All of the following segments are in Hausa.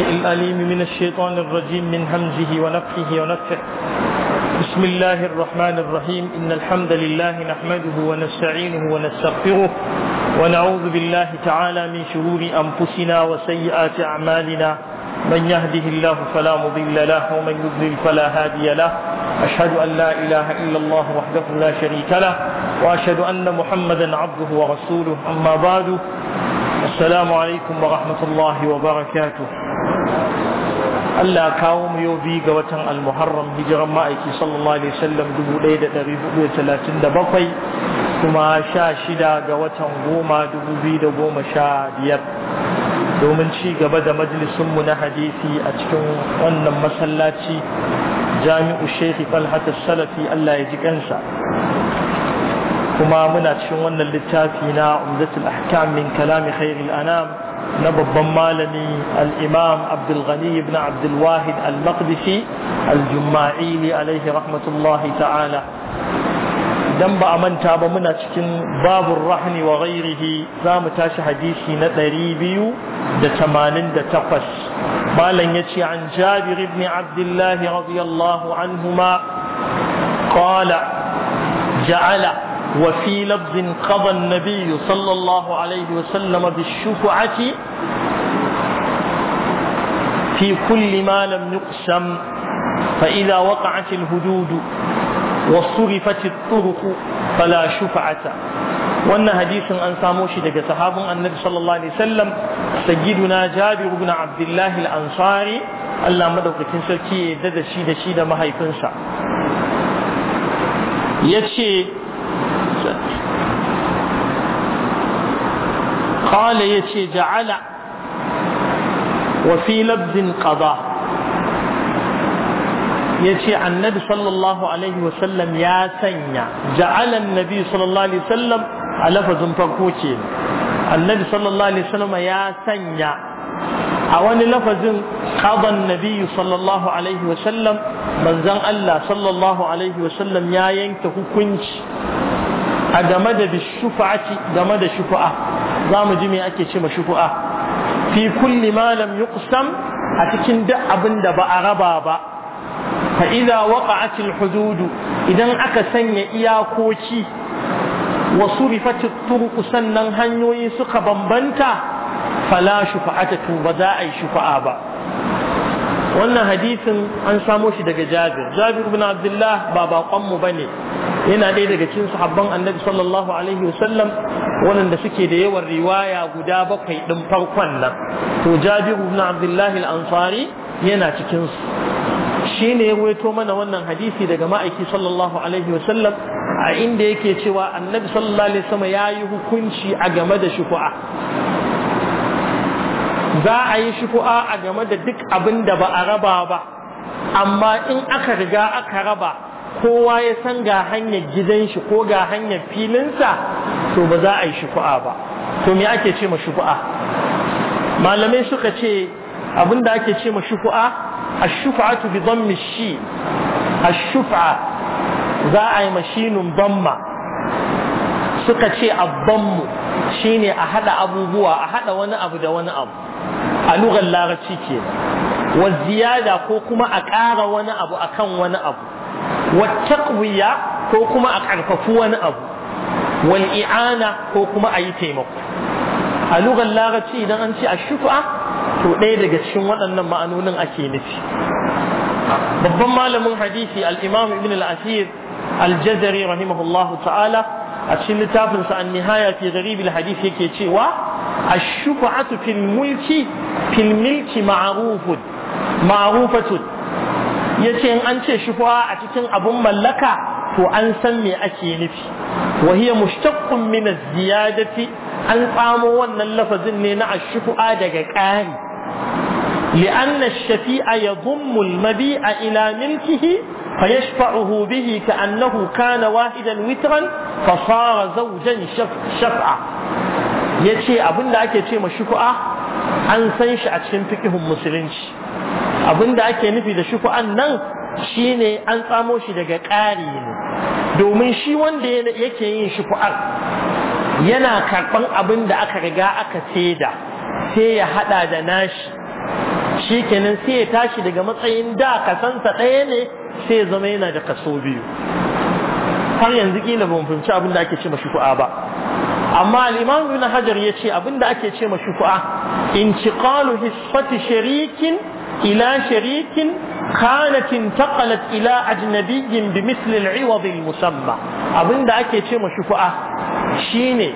الأليم من الشيطان الرجيم من همزه ونفخه ونفخه بسم الله الرحمن الرحيم إن الحمد لله نحمده ونستعينه ونستغفره ونعوذ بالله تعالى من شرور أنفسنا وسيئات أعمالنا من يهده الله فلا مضل له ومن يضلل فلا هادي له أشهد أن لا إله إلا الله وحده لا شريك له وأشهد أن محمدا عبده ورسوله أما بعد السلام عليكم ورحمة الله وبركاته Allah kawo mu yau biyu ga watan al-muharram hijiran ma'aiki sallallahu alaihi wasallam 1437 kuma sha shida ga watan goma dubu biyar. domin ci gaba da majalisunmu na hadisi a cikin wannan masallaci jami'u shekhi falhat salafi Allah ya ji kansa kuma muna cikin wannan littafi na umdatul ahkam min kalami khairil anam na babban malami al'imam abdulghani ibn abdulwahid al-maqdisi al-jumma'ili alaihi rahmatullahi ta'ala idan ba a manta ba muna cikin babun rahni wa ghairihi za mu tashi hadisi na ɗari biyu da tamanin da takwas malam ya ce an jabir ibn abdullahi radiyallahu anhuma qala ja'ala وفي لفظ قضى النبي صلى الله عليه وسلم بالشفعة في كل ما لم يقسم فإذا وقعت الهدود وصرفت الطرق فلا شفعة وأن حديث أن ساموشي دقى صحاب النبي صلى الله عليه وسلم سيدنا جابر بن عبد الله الأنصاري الله مدوك تنسل كي دد شيد شيد ما هيفنسا يتشي ya ce ja'ala wa fi labdin qada yace annabi sallallahu alaihi wa sallam ya sanya ,ja'alan annabi sallallahu alaihi wa sallam a lafazin farko ke annabi sallallahu alaihi wa sallam ya sanya a wani lafazin qadan nabi sallallahu alaihi wa sallam manzon Allah sallallahu alaihi wa sallam ya yanke hukunci a game da bishufa'ati game da shufa'a za mu ji me ake ce ma shubu'a fi kulli ma yuqsam a cikin duk abin da ba a raba ba fa idza waqa'at al hudud idan aka sanya iyakoki wa surifat turuq sannan hanyoyi suka bambanta fala shufa'atu ba za a yi shufa'a ba wannan hadisin an samo shi daga Jabir Jabir ibn Abdullah ba baƙon mu bane yana ɗaya daga cikin sahabban annabi sallallahu alaihi wasallam da suke da yawan riwaya guda bakwai ɗin farkon nan to jabiru ibn abdullahi al-ansari yana cikin su shi ne ya waito mana wannan hadisi daga ma'aiki sallallahu alaihi wasallam a inda yake cewa annabi sallallahu alaihi wasallam ya hukunci a game da shuku'a za a yi shuku'a a game da duk abin da ba a raba ba amma in aka riga aka raba kowa ya san ga hanyar gidan shi ko ga hanyar filinsa to ba za a yi shuku'a ba to me ake ce ma shuku'a malamai suka ce abinda ake ce ma shuku'a ash-shuf'atu bi dhammi shi ash-shuf'a za a yi mashinun damma suka ce abbanmu shine a hada abubuwa a hada wani abu da wani abu a lugar larabci ke wa ziyada ko kuma a ƙara wani abu akan wani abu wattaqwiya ko kuma a ƙarfafi wani abu wal i'ana ko kuma a yi taimako a lugar larabci idan an ce a shufa to ɗaya daga cikin waɗannan ma'anonin ake nufi babban malamin hadisi al-imam ibn al-asir al-jazari rahimahullahu ta'ala a cikin sa an nihaya fi hadisi hadith yake cewa ash-shufa'atu fil mulki fil milki ma'rufun ma'rufatun yace in an ce shubuha a cikin abun mallaka to an san me ake nufi wa hiya mushtaqqun min az-ziyadati an tsamo wannan lafazin ne na ash-shubuha daga ƙari لأن الشفيع يضم المبيع إلى ملكه فيشفعه به كأنه كان واحدا وترا فصار زوجا shaf'a. yace abin da ake ce ma shuku'a an san shi a cikin fikihun musulunci abinda ake nufi da shufu'an nan shine an tsamo shi daga ƙari ne domin shi wanda yake yin shuku'ar yana karɓan abin da aka riga aka saida sai ya haɗa da nashi shi kenan sai ya tashi daga matsayin da kasansa ɗaya ne sai ya zama yana da kaso biyu har yanzu kila ban fahimci abin da ake ce shufu'a ba amma al na hajar ya ce abin da ake ce ci kalu hispati sharikin Ila sharikin إلى شريك كانت انتقلت إلى أجنبي بمثل العوض المسمى أبن دا أكي شيء مشفعة شيني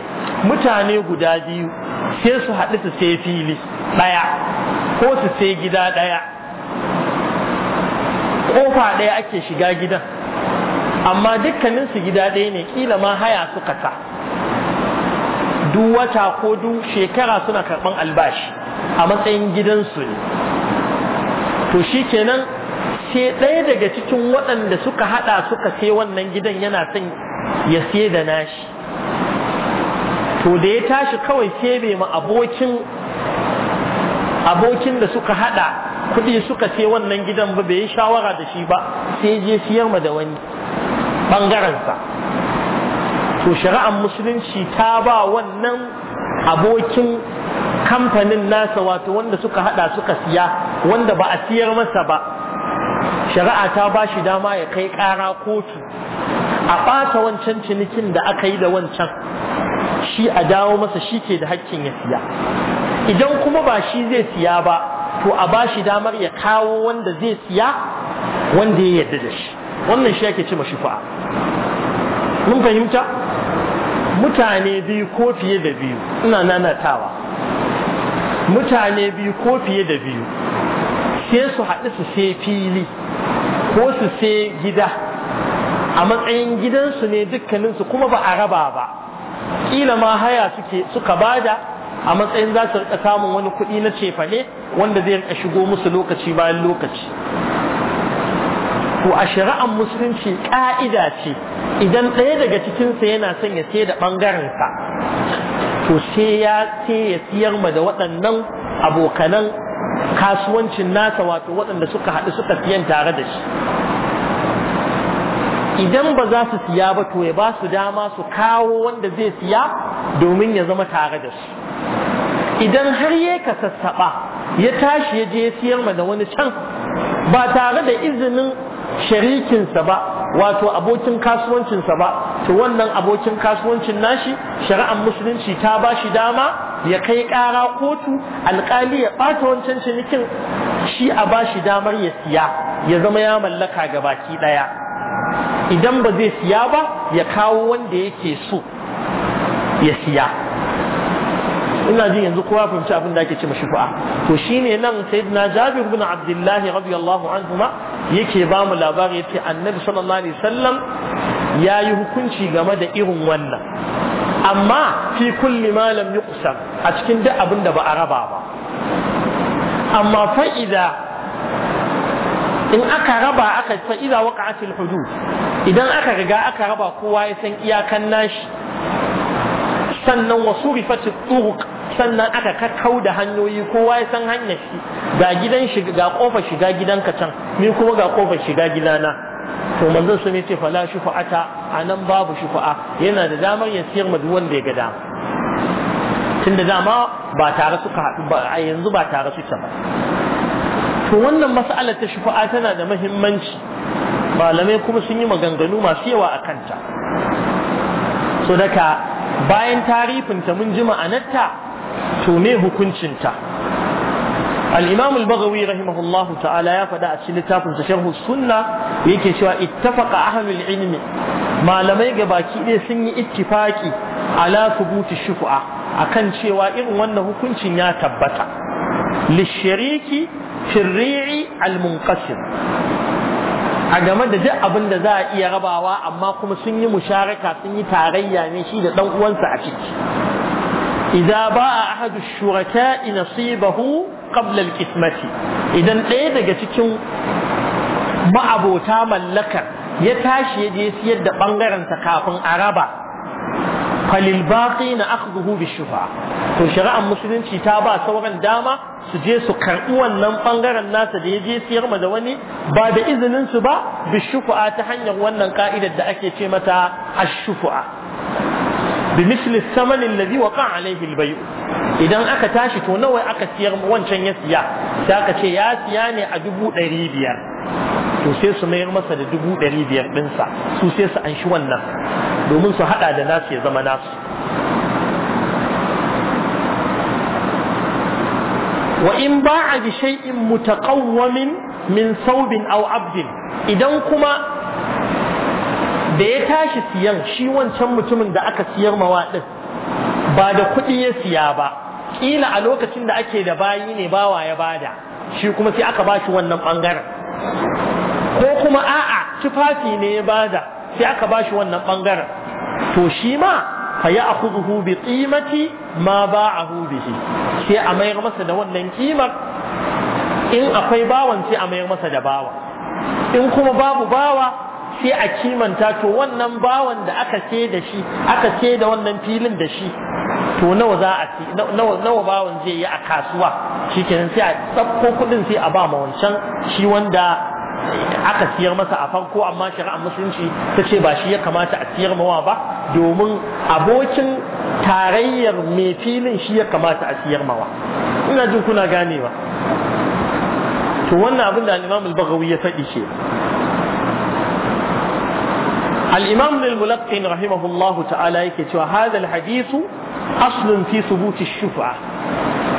متاني قدادي سيسو حدث fili ɗaya, ko su sai gida ɗaya ƙofa ɗaya ake shiga gidan amma dukkaninsu gida ɗaya ne ƙila ma haya suka sa Du wata ko duk shekara suna karɓan albashi a matsayin gidansu ne to shi kenan sai ɗaya daga cikin waɗanda suka haɗa suka sai wannan gidan yana son ya sai da nashi to da ya tashi kawai sai ma abokin abokin da suka haɗa kuɗi suka sai wannan gidan ba bai yi shawara da shi ba sai je siyar ma da wani ɓangarensa to shari'ar musulunci ta ba wannan abokin kamfanin nasa wato wanda suka hada suka siya wanda ba a siyar masa ba shari'a ta ba shi dama ya kai kara kotu a ɓata wancan cinikin da aka yi da wancan shi a dawo masa shi ke da hakkin ya siya idan kuma ba shi zai siya ba to a ba shi damar ya kawo wanda zai siya wanda ya yarda da shi wannan shi ake ce ma fa'a. mun fahimta mutane biyu ko fiye da biyu ina nanatawa mutane biyu ko fiye da biyu sai su haɗu su sai fili ko su sai gida a matsayin gidansu ne dukkaninsu kuma ba a raba ba ƙila ma haya suka bada a matsayin za su rika samun wani kuɗi na cefane wanda zai rika shigo musu lokaci bayan lokaci to a shari'ar musulunci ƙa'ida ce idan ɗaya daga cikinsa yana son ya sai da ɓangarensa to sai ya sai ya siyar ma da waɗannan abokanan kasuwancin nasa wato waɗanda suka haɗu suka siyan tare da shi idan ba za su siya ba to ya ba su dama su kawo wanda zai siya domin ya zama tare da su idan har ya ka sassaɓa ya tashi ya je siyar ma da wani can ba tare da izinin sharikinsa ba wato abokin kasuwancinsa ba to wannan abokin kasuwancin nashi shari'ar musulunci ta ba shi dama ya kai ƙara kotu alƙali ya ɓata wancan cinikin shi a ba shi damar ya siya ya zama ya mallaka ga baki ɗaya idan ba zai siya ba ya kawo wanda yake so ya siya ina jin yanzu kowa fahimci abin da ake ce shufa'a to shine nan sayyidina Jabir ibn Abdullah radiyallahu anhuma yake ba mu labari yace Annabi sallallahu alaihi wasallam yayi hukunci game da irin wannan amma fi kulli ma lam yuqsam a cikin duk abin da ba a raba ba amma fa'ida in aka raba aka fa'ida waqa'atil hudud idan aka riga aka raba kowa ya san iyakan nashi sannan wasu rifatin turuk sannan aka kakkau da hanyoyi kowa ya san hanyar shi ga gidan shi ga kofar shiga gidanka can ni kuma ga kofar shiga gidana to manzo sun yace fala shufa'ata anan babu shufa'a yana da damar ya siyar ma wanda ya ga dama tunda dama ba tare suka haɗu ba a yanzu ba tare suke ba to wannan mas'alar ta shufa'a tana da muhimmanci malamai kuma sun yi maganganu masu yawa a kanta so daga bayan tarifinta mun ji ma'anarta to me hukuncinta الإمام البغوي رحمه الله تعالى يا فدا أشيلتا في السنة يكي اتفق أهل العلم ما لم يجباكي إيه سن على ثبوت الشفعة أكن شوى إن وأنه كنت يا للشريك في الريع المنقسم a game da duk abin da za a iya rabawa amma kuma sun yi musharaka sun yi tarayya ne shi da uwansa a ciki idza ba'a ahadu shuraka'i nasibahu qabla al idan ɗaya daga cikin ma'abota mallakar ya tashi ya siyar da bangaren kafin a raba falil baqi na akhdhuhu bi shufa to shari'ar musulunci ta ba sauran dama su je su karɓi wannan bangaren nasa da ya je siyar ma da wani ba da izinin su ba bi shufa ta hanyar wannan ka'idar da ake ce mata ash-shufa bi misli saman alladhi waqa alayhi idan aka tashi to nawa aka siyar wancan ya siya sai aka ce ya siya ne a dubu ɗari biyar to sai su mayar masa da dubu ɗari biyar ɗinsa su sai su anshi wannan domin su haɗa da nasu ya zama nasu wa in ba a bi shay'in mutaqawwamin min saubin au abdin idan kuma da ya tashi siyan shi wancan mutumin da aka siyar mawa din ba da kuɗi ya siya ba Ƙila a lokacin da ake da bayi ne bawa ya bada shi kuma sai aka bashi wannan bangaren ko kuma a'a tufafi ne ya bada sai aka bashi wannan bangaren to shi ma fa ya akhudhu bi qimati ma ba'ahu bihi sai a mayar masa da wannan kimar in akwai bawan sai a mayar masa da bawa in kuma babu bawa sai a kimanta to wannan bawan da aka ce da shi aka ce da wannan filin da shi to nawa za a ci nawa bawan zai yi a kasuwa shikenan sai a tsakko kudin sai a ba ma wancan shi wanda aka siyar masa a farko amma shari'ar musulunci ta ce ba shi ya kamata a siyar mawa ba domin abokin tarayyar mai filin shi ya kamata a siyar mawa ina jin kuna ganewa to wannan abin da al'imamul bagawi ya faɗi ce الإمام الملقن رحمه الله تعالى يكتب هذا الحديث أصل في ثبوت الشفعة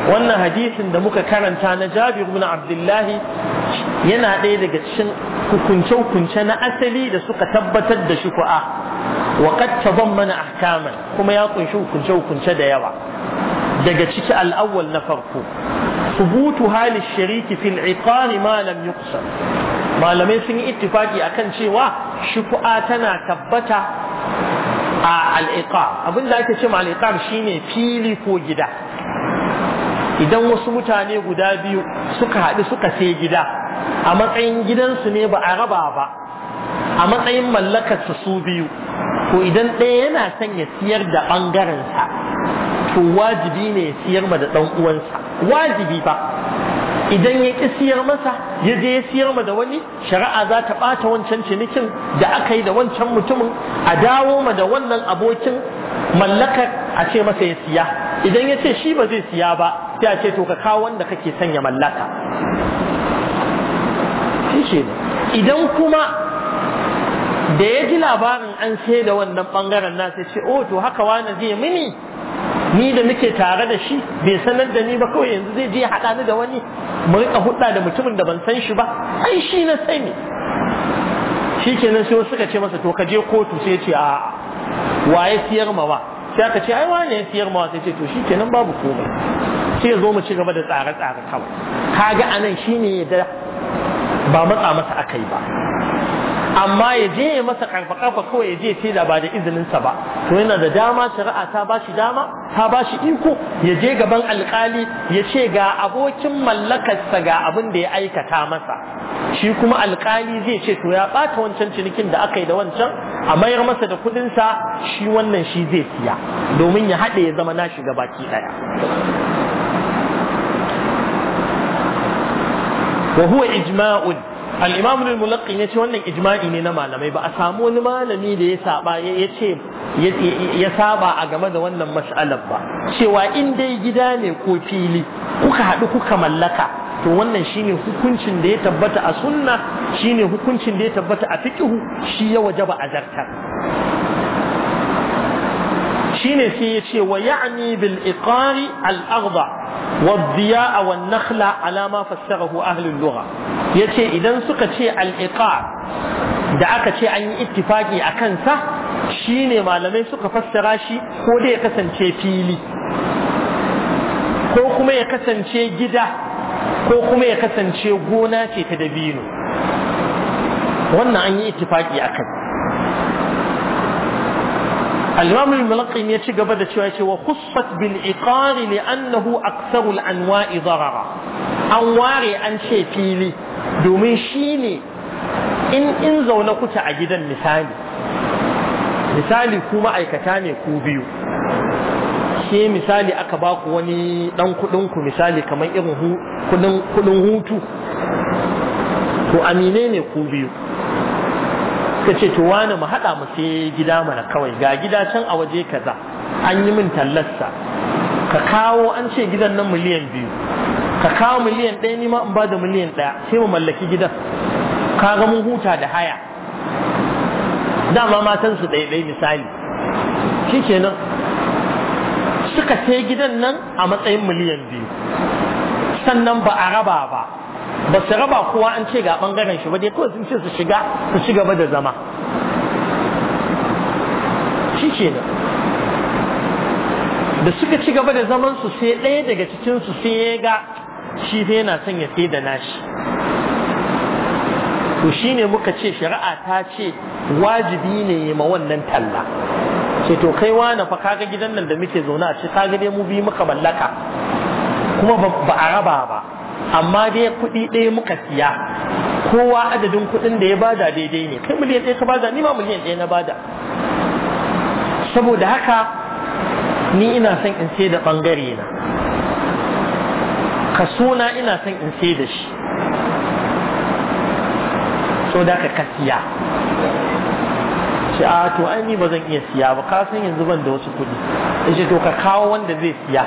وأن حديث دمك كان تانا جابر بن عبد الله ينا ليلة قتشن كنشو كنشنا أسلي لسوك تبت الشفعة وقد تضمن أحكاما كما يطن شو كنشو كنشا ديوا دقتشك الأول نفرقو ثبوت للشريك في العقال ما لم يقصر malamai sun yi ittifaki akan cewa shufu'a tana tabbata a al'iqab abin da ake ce ma shine fili ko gida idan wasu mutane guda biyu suka haɗu suka sai gida a matsayin gidansu ne ba a raba ba a matsayin mallakarsa su biyu to idan ɗaya yana son ya siyar da ɓangarensa to wajibi ne ya siyar ma da ɗan uwansa wajibi ba idan ya ƙi siyar masa ya je ya siyar ma da wani shari'a za ta ɓata wancan cinikin da aka yi da wancan mutumin a dawo ma da wannan abokin mallakar a ce masa ya siya idan ya ce shi ba zai siya ba sai a ce to ka kawo wanda kake sanya mallaka idan kuma da ya ji labarin an sai da wannan bangaren na sai ce oh to haka wani zai mini ni da muke tare da shi bai sanar da ni ba kawai yanzu zai je haɗa ni da wani mu rika hudda da mutumin da ban san shi ba ai shi na sani shi kenan sai suka ce masa to ka je kotu sai ce a waye siyar mawa sai aka ce ai wane siyar mawa sai ce to shi kenan babu komai sai zo mu ci gaba da tsare-tsare kawai kaga anan shine ya da ba matsa masa akai ba amma ya je ya masa karfa karfa kawai ya je sai da ba da izininsa ba to yana da dama shari'a ta ba shi dama ta ba shi iko ya je gaban alkali ya ce ga abokin mallakarsa ga abin da ya aikata masa shi kuma alkali zai ce to ya bata wancan cinikin da aka yi da wancan a mayar masa da kudinsa shi wannan shi zai siya domin ya haɗe ya zama nashi baki ɗaya huwa ijma'un al-imam ya ce wannan ijma'i ne na malamai ba a samu wani malami da ya saba ce ya saba a game da wannan mas'alar ba cewa in dai gida ne ko fili kuka haɗu kuka mallaka to wannan shine hukuncin da ya tabbata a sunna shine hukuncin da ya tabbata a fiqhu shi ya wajaba a zartar shine sai ya ce wa ya'ni bil iqari al aghdha wa dhiya'a wan nakhla ala ma fassarahu ahli lugha yace idan suka ce al iqar da aka ce an yi ittifaki a kansa shine malamai suka fassara shi ko dai ya kasance fili ko kuma ya kasance gida ko kuma ya kasance gona ce ta dabino wannan an yi ittifaki a kansa. الإمام الملقم يتشق بدا شوية وخصت بالعقار لأنه أكثر الأنواع ضررا أنواري أن شيء فيلي دومين شيني إن إن زونكت أجدا مثالي misali ku ma'aikata ne ku biyu sai misali aka ba ku wani dan kudin ku misali kamar irin kudin hutu to amine ne ku biyu suka ce to wani mu haɗa mu sai gida mana kawai ga gida can a waje kaza an yi min tallarsa ka kawo an ce gidan nan miliyan biyu ka kawo miliyan ɗaya ni ma in ba da miliyan ɗaya sai mu mallaki gidan ka ga mun huta da haya dama matan su ɗaiɗai misali shi kenan suka sai gidan nan a matsayin miliyan biyu sannan ba a raba ba ba su raba kowa an ce ga bangaren shi ba dai kawai sun ce su shiga su ci gaba da zama shi ke da da suka ci gaba da zaman su sai ɗaya daga cikin su sai ya ga shi fa yana son ya da nashi to shine muka ce shari'a ta ce wajibi ne ma wannan talla ce to kai wani fa kaga gidan nan da muke zaune a ce kaga dai mu bi muka mallaka kuma ba a raba ba amma dai kuɗi ɗaya muka siya kowa adadin kuɗin da ya bada daidai ne kai miliyan ɗaya ka bada ni ma miliyan ɗaya na bada saboda haka ni ina son in sai da ɓangare na ka suna ina son in sai da shi so da ka siya ce a ah, to ai ni ba zan iya siya ba ka san yanzu ban da wasu kuɗi ya ce to ka kawo wanda zai siya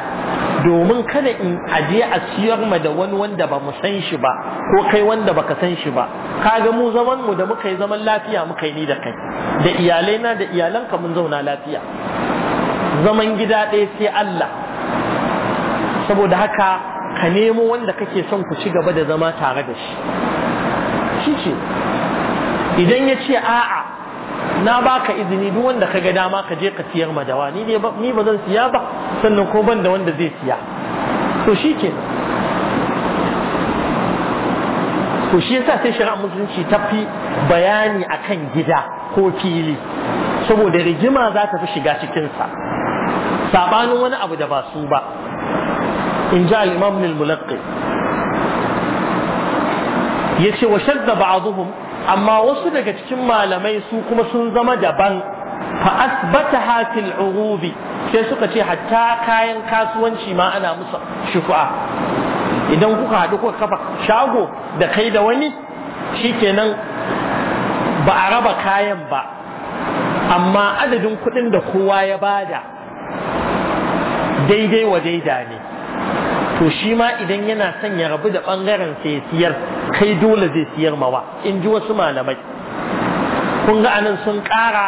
domin kada in aje a siyar ma da wani wanda ba mu san shi ba ko kai wanda baka san shi ba ka ga mu zaman mu da muka yi zaman lafiya muka yi ni da kai da iyalai na da iyalanka mun zauna lafiya zaman gida ɗaya sai Allah saboda haka ka nemo wanda kake son ku ci gaba da zama tare da shi shi ce idan ya ce a'a na baka izini duk wanda ka ga dama ka je ka siyar ma dawa ni ni ba zan siya ba sannan ko ban da wanda zai siya to shike to shi yasa sai shari'a musulunci ta fi bayani akan gida ko fili saboda rigima za ta fi shiga cikinsa sabanin wani abu da ba su ba in ji al-imam al-mulaqqi yace wa shadda ba'dhum amma wasu daga cikin malamai su kuma sun zama daban fa asbata hafil urubi sai suka ce hatta kayan kasuwanci ma ana musu shufa idan kuka haɗu kuka kafa shago da kai da wani shikenan ba a raba kayan ba amma adadin kuɗin da kowa ya bada daidai wa daida ne to shi ma idan yana son ya rabu da bangaren sai siyar kai dole zai siyar mawa in ji wasu malamai kun ga anan sun kara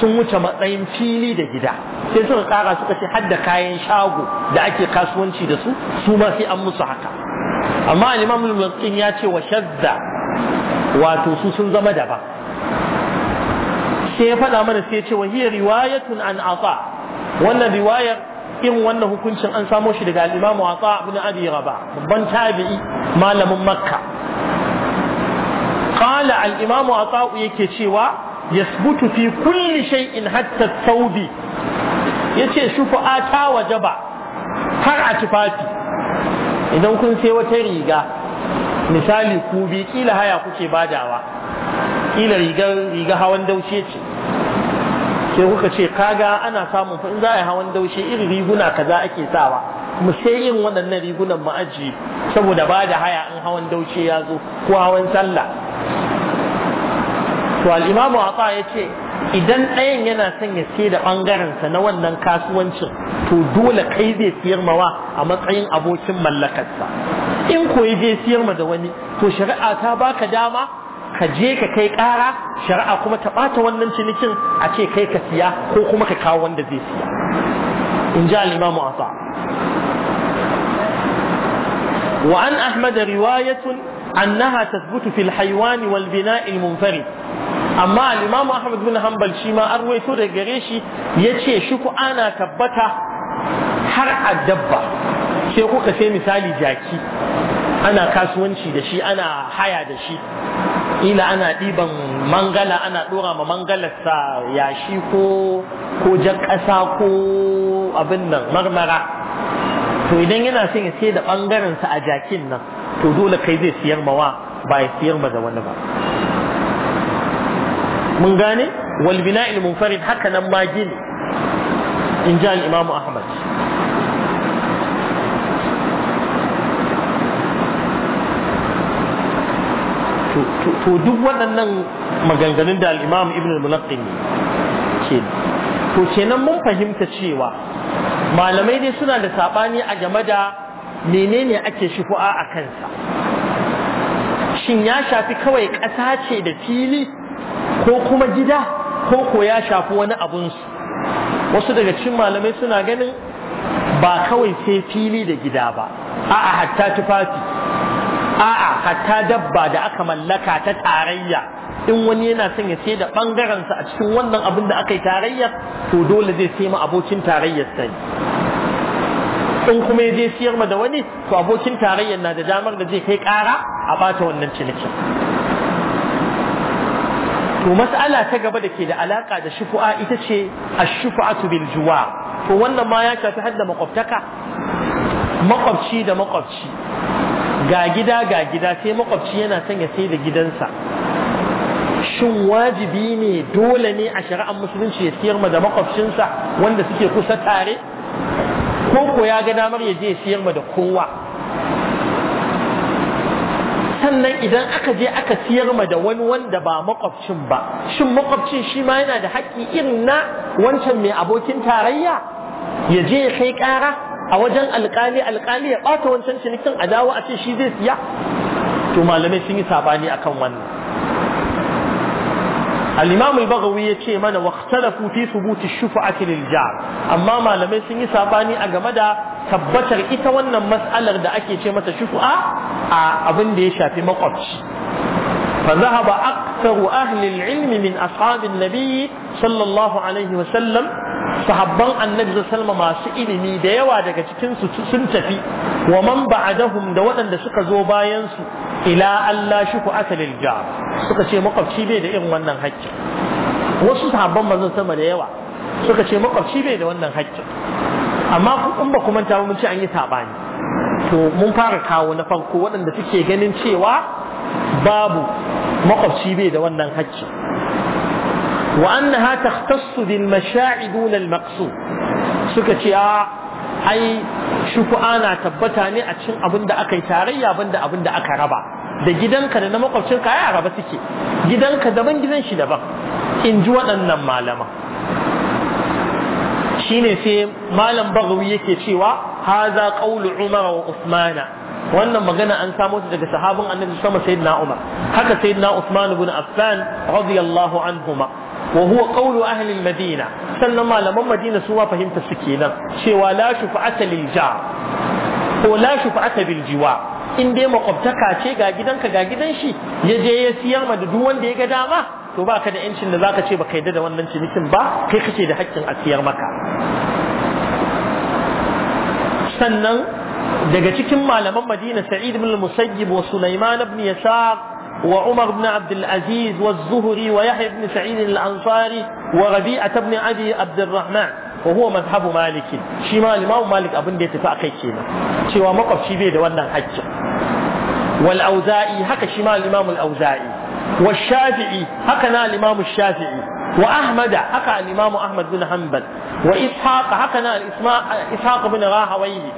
sun wuce matsayin fili da gida sai suka kara suka ce hadda kayan shago da ake kasuwanci da su su ma sai an musu haka amma al ya ce wa shadda wato su sun zama daban sai ya faɗa mana sai ya ce wa hiya riwayatun an ata wannan riwayar irin wannan hukuncin an samo shi daga al-Imam Atha ibn Abi Rabah babban tabi'i malamin Makka qala al-Imam Atha yake cewa yasbutu fi kulli shay'in hatta saudi yace shufa'a ta wajaba har a tufafi idan kun sai wata riga misali ku bi kila haya kuke badawa kila rigar riga hawan daushe ce sai kuka ce kaga ana samun in za a yi hawan daushe irin riguna kaza ake sawa mu sai irin waɗannan rigunan mu ajiye saboda ba da haya in hawan daushe ya zo ko hawan sallah to al-imamu ata ya ce idan ɗayan yana son ya sai da ɓangarensa na wannan kasuwancin to dole kai zai siyar mawa a matsayin abokin mallakarsa in koyi zai siyar ma da wani to shari'a ta baka dama ka je ka kai ƙara shari'a kuma ta ɓata wannan cinikin a ce kai ka siya ko kuma ka kawo wanda zai siya in ji al'imamu asa wa an ahmad riwayatun annaha tathbutu fil haywani wal bina'i munfarid amma al Ahmad bin Hanbal shi ma an daga gare shi yace shi ku ana tabbata har a dabba sai kuka sai misali jaki ana kasuwanci da shi ana haya da shi kila ana ɗiban mangala ana ɗora ma mangalarsa yashi ko ko jan ko abin nan marmara to idan yana son ya sai da ɓangarensa a jakin nan to dole kai zai siyar wa ba ya siyar ma da wani ba mun gane walbina bina'il munfarid haka nan ma gini in ji imamu ahmad to duk waɗannan maganganun da al'imam ibn al-mulaqqin ke to kenan mun fahimta cewa malamai dai suna da saɓani a game da menene ake shufu'a a kansa shin ya shafi kawai ƙasa ce da fili ko kuma gida ko ko ya shafi wani abunsu wasu daga cikin malamai suna ganin ba kawai sai fili da gida ba a'a hatta tufafi a'a hatta dabba da aka mallaka ta tarayya in wani yana son ya sai da ɓangarensa a cikin wannan abin da aka yi tarayyar, to dole zai sai ma abokin tarayyar sani, in kuma ya je siyar ma da wani to abokin tarayyar na da damar da zai kai ƙara a bata wannan cinikin to mas'ala ta gaba da ke da alaka da shufu'a ita ce a shufaatu bil juwa to wannan ma ya shafi hadda makwabtaka makwabci da makwabci ga gida ga gida sai makwabci yana son ya sai da gidansa shin wajibi ne dole ne a shari'ar musulunci ya siyar ma da makwabcinsa wanda suke kusa tare ko ko ya ga damar ya je ya siyar ma da kowa sannan idan aka je aka siyar ma da wani wanda ba makwabcin ba shin makwabcin shi ma yana da haƙƙi irin na wancan mai abokin tarayya ya je ya kai ƙara a wajen alƙali alƙali ya ɓata wancan cinikin a dawo a ce shi zai siya to malamai sun yi sabani akan wannan al-imam al-baghawi ce mana waqtalafu fi thubut ash-shufa'ati lil jar amma malamai sun yi sabani a game da tabbatar ita wannan mas'alar da ake ce mata shufa'a a abin da ya shafi makwabci fa zahaba aktharu ahli al-ilm min ashabin an-nabi sallallahu alaihi wa sallam sahabban annabi sallama masu ilimi da yawa daga cikin su sun tafi wa man ba'dahum da waɗanda suka zo bayan su ila Allah shuku asalil jar suka ce makwabci bai da irin wannan hakki wasu sahabban manzon sama da yawa suka ce makwabci bai da wannan hakki amma in ba kuma ta mun ce an yi sabani to mun fara kawo na farko waɗanda suke ganin cewa babu makwabci bai da wannan hakki wa annaha takhtassu bil masha'i dun suka ce a ah, ai shuku na tabbata ne a cikin abin da aka yi tarayya abin da aka raba da gidanka da na makwabcinka ya raba suke gidanka daban gidan shi daban in ji waɗannan malama shine sai malam bagawi yake cewa haza qaulu umar wa usmana wannan magana an samo ta daga sahabin annabi sama sayyidina umar haka sayyidina usman ibn affan radiyallahu anhuma wa ƙaulu ahalin ahli sannan malaman madina su fahimta suke nan cewa la shufa'ata lil ko la in dai makwabtaka ce ga gidanka ga gidan shi ya je ya siyar ma da duk wanda ya ga dama to baka da yancin da zaka ce ka yadda da wannan cinikin ba kai kake da haƙƙin a siyar maka sannan daga cikin malaman madina sa'id ibn musayyib wa sulaiman ibn وعمر بن عبد العزيز والزهري ويحيى بن سعيد الأنصاري وربيعة بن أبي عبد الرحمن وهو مذهب مالك شي ما الإمام مالك أبن دي تفاقي كينا شوى مقف شي بيد وانا حج والأوزائي هكا شي ما الإمام الأوزائي والشافعي هكذا الإمام الشافعي وأحمد هكا الإمام أحمد بن حنبل وإسحاق هكذا إسحاق بن راهويه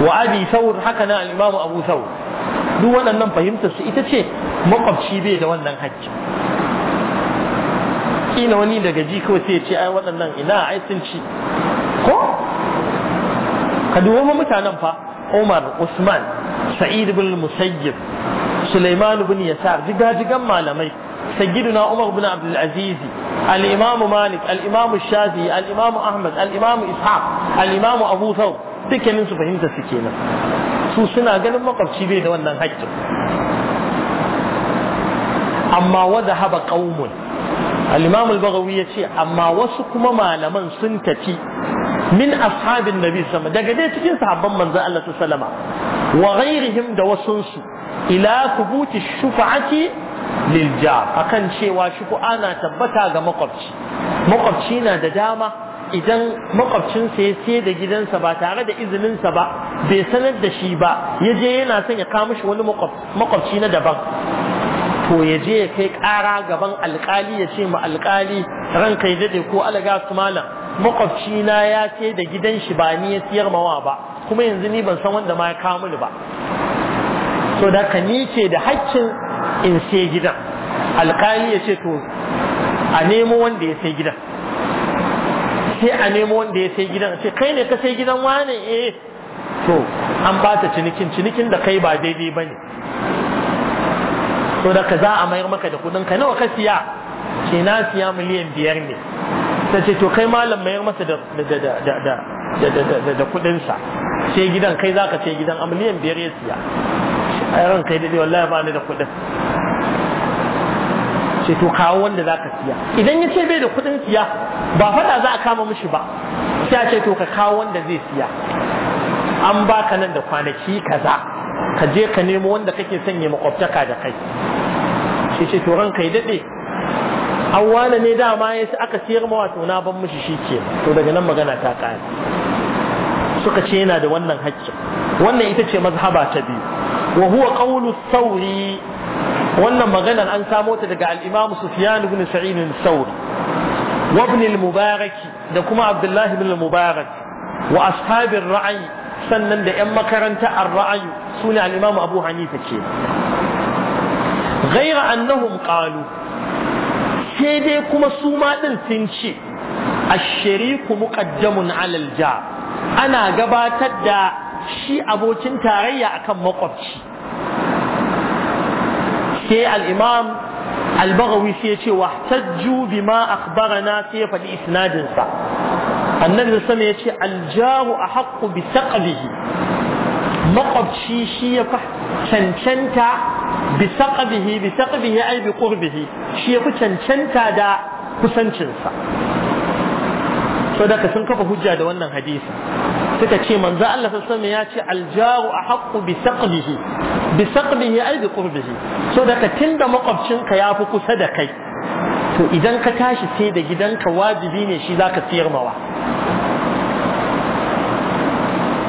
وأبي ثور هكذا الإمام أبو ثور duk waɗannan fahimtar su ita ce makwabci bai da wannan hajji kila wani daga ji kawai sai ce ai waɗannan ina ai sun ko ka duba mutanen fa Umar Usman Sa'id ibn Musayyib Sulaiman ibn Yasar jigajigan malamai al-Imam Malik al-Imam الإمام Malik, imam Ahmad Alimamu imam Ishaq al-Imam Abu Thawb dukkanin su fahimta su kenan su suna ganin makwabci bai da wannan haƙƙin amma wada haba qaumun al-imam al-baghawi yace amma wasu kuma malaman sun tafi min ashabin nabi sama daga dai cikin sahabban manzo Allah sallama wa ghairihim da wasunsu ila kubuti shufa'ati lil jar akan cewa shufa'a ana tabbata ga makwabci makwabci na da dama idan makwabcinsa ya sai da gidansa ba tare da izininsa ba bai sanar da shi ba ya je yana son ya kawo mishi wani makwabci na daban to ya je ya kai ƙara gaban alƙali ya ce ma alƙali ranka ya daɗe ko alaga su malam makwabci na ya sai da gidan shi ba ni ya siyar mawa ba kuma yanzu ni ban san wanda ma ya kawo mini ba to da ka ni ce da haƙƙin in sai gidan alƙali ya ce to a nemo wanda ya sai gidan sai a nemo wanda ya sai gidan ce kai ne ka sai gidan wane eh to an ba ta cinikin cinikin da kai ba daidai ba ne to da ka za a mayar maka da kudin ka nawa ka siya ke na siya miliyan biyar ne ta ce to kai malam mayar masa da da kudinsa sai gidan kai za ka sai gidan a miliyan biyar ya siya a yaran kai daidai wallahi ba ni da kudin ce to kawo wanda za ka siya idan ya ce bai da kuɗin siya ba faɗa za a kama mishi ba sai a ce to ka kawo wanda zai siya an baka nan da kwanaki kaza ka je ka nemo wanda kake sanya makwabtaka da kai shi ce to ranka ya daɗe awwala ne dama ya aka siyar ma wato na ban mishi shi ke to daga nan magana ta ƙare suka ce yana da wannan haƙƙin wannan ita ce mazhaba ta biyu wa huwa qawlu thawri wannan maganar an samo ta daga Al'imamu imam Sufyan ibn Sa'id al-Thawri wa ibn al-Mubarak da kuma Abdullahi ibn al-Mubarak wa ashabin ra'ayi sannan da 'yan makaranta ar-ra'ayi su ne al-Imam Abu Hanifa ke غير kuma suma ɗin كما ce, تنشي الشريك مقدم على الجار ana gabatar da shi abokin tarayya akan makwabci sai al-imam al sai ya ce wahtajju bima akhbarana sai ya faɗi isnadin sa annabi sama ya ce al-jaru ahqqu bi saqbihi maƙwabci shi ya fa cancanta bi saqbihi bi saqbihi ai bi qurbihi shi ya fi cancanta da kusancinsa so da ka sun kafa hujja da wannan hadisi suka ce manzo Allah sallallahu ya ce aljaru ahqqu bi saqbihi bi saqbihi ai bi qurbihi so daga tunda makwabcinka ya fi kusa da kai to idan ka tashi sai da gidanka wajibi ne shi zaka siyar mawa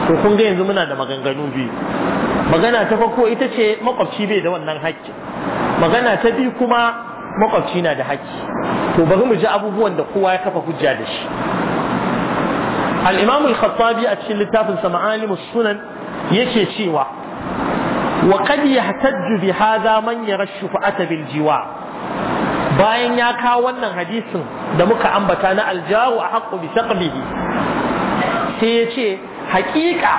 to kun ga yanzu muna da maganganu biyu magana ta farko ita ce makwabci bai da wannan haƙƙi magana ta biyu kuma maƙwabci na da haƙƙi to bari mu ji abubuwan da kowa ya kafa hujja da shi al-imam al-khattabi a cikin littafin sa sunan yake cewa wa qad yahtajju bi hadha man yara shufa'ata jiwa bayan ya kawo wannan hadisin da muka ambata na aljahu a haqqu bi shaqbihi sai yace haƙiƙa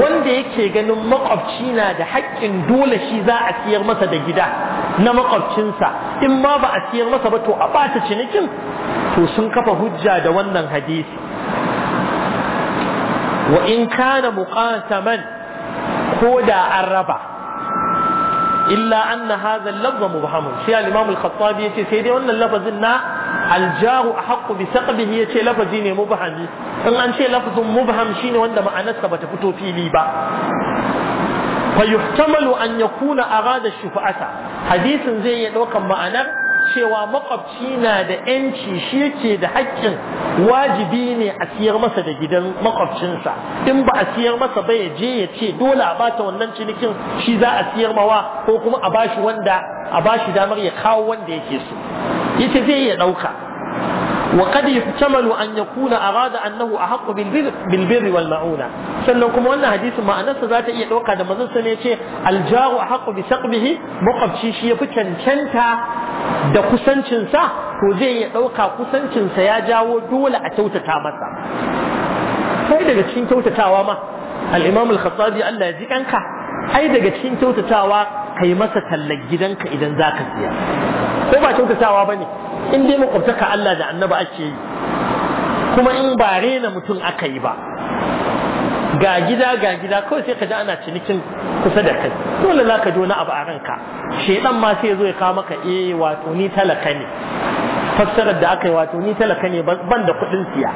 wanda yake ganin makwabci na da haƙƙin dole shi za a siyar masa da gida na makwabcinsa in ma ba a siyar masa ba to a ɓata cinikin to sun kafa hujja da wannan hadisi وإن كان مقاسما كودا الربع إلا أن هذا اللفظ مبهم شيء الإمام الخطابي يتي سيدي أن اللفظ النا الجاه أحق بثقبه يتي لفظين مبهم إن أن شيء لفظ مبهم شيء وندم أن السبب تفوت في ليبا فيحتمل أن يكون أغاد الشفعة حديث زي لو كان معنا cewa makwabci na da ‘yanci shi yake da hakkin. wajibi ne a siyar masa da gidan makwabcinsa in ba a siyar masa ba ya je ya ce dole a bata wannan cinikin shi za a siyar mawa ko kuma a bashi wanda bashi damar ya kawo wanda yake so Ita zai ya ɗauka. wa qad yuhtamalu an yakuna arada annahu ahq bil bir bil bir wal mauna sannan kuma wannan hadisin ma'anarsa za ta iya dauka da manzon sa ne yace al jaru ahq bi saqbihi maqabci shi ya fi cancanta da kusancinsa to zai iya ɗauka kusancinsa ya jawo dole a kyautata masa sai daga cikin kyautatawa ma al-imam al-khattabi Allah ya ji kanka ai daga cikin kyautatawa kai masa tallar gidanka idan zaka siya ko ba kyautatawa ba in dai makwabtaka Allah da annabi ake yi kuma in ba rena mutum aka yi ba ga gida ga gida kawai sai ka ji ana cinikin kusa da kai dole za ka ji wani abu a ranka shaidan ma sai ya zo ya kawo maka e, wato ni talaka ne fassarar da aka yi wato ni talaka ne ban da kuɗin siya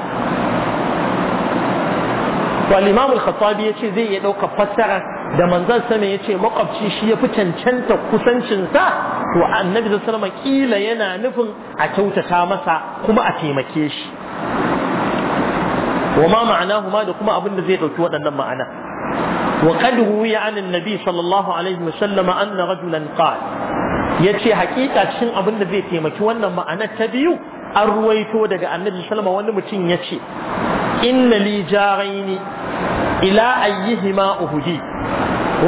والإمام الخطابي zai زي يدوك فسرة da manzon sama ya ce makwabci shi ya fi cancanta kusancinsa to annabi sallallahu alaihi wasallam kila yana nufin a kyautata masa kuma a taimake shi wa ma ma'anahu ma da kuma abin da zai dauki waɗannan ma'ana wa qad ruwiya sallallahu alaihi wa sallama anna rajulan qala yace hakika cikin abin da zai taimaki wannan ma'anar ta biyu an ruwaito daga annabi sallama wani mutum yace inna li jaraini ila ayyihima uhudi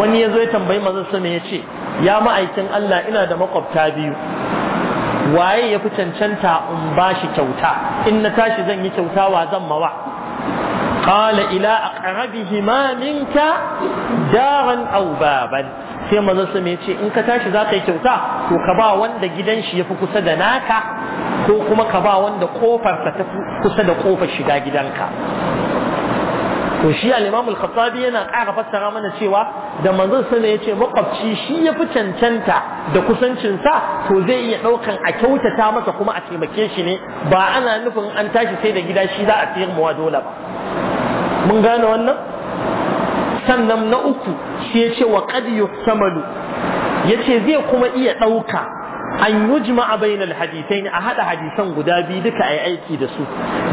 wani yazo ya tambayi manzon sama yace ya ma'aikin Allah ina da makwabta biyu waye ya fi cancanta in bashi kyauta in na tashi zan yi kyauta wa zan mawa قال إلى أقربهما منك دارا أو بابا sai manzon sa ya ce in ka tashi za ka yi kyauta to ka ba wanda gidan shi ya fi kusa da naka ko kuma ka ba wanda kofarsa ta kusa da kofar shiga gidanka to shi al-Imam al-Khattabi yana ƙara fassara mana cewa da manzon sa ne yace makwabci shi ya fi cancanta da kusancin sa to zai iya daukan a kyautata masa kuma a taimake shi ne ba ana nufin an tashi sai da gida shi za a tsayar muwa dole ba mun gane wannan sannan na uku shi ce wa qad yuhtamalu yace zai kuma iya dauka an yujma bainal ne a hada hadisan guda biyu duka ai aiki da su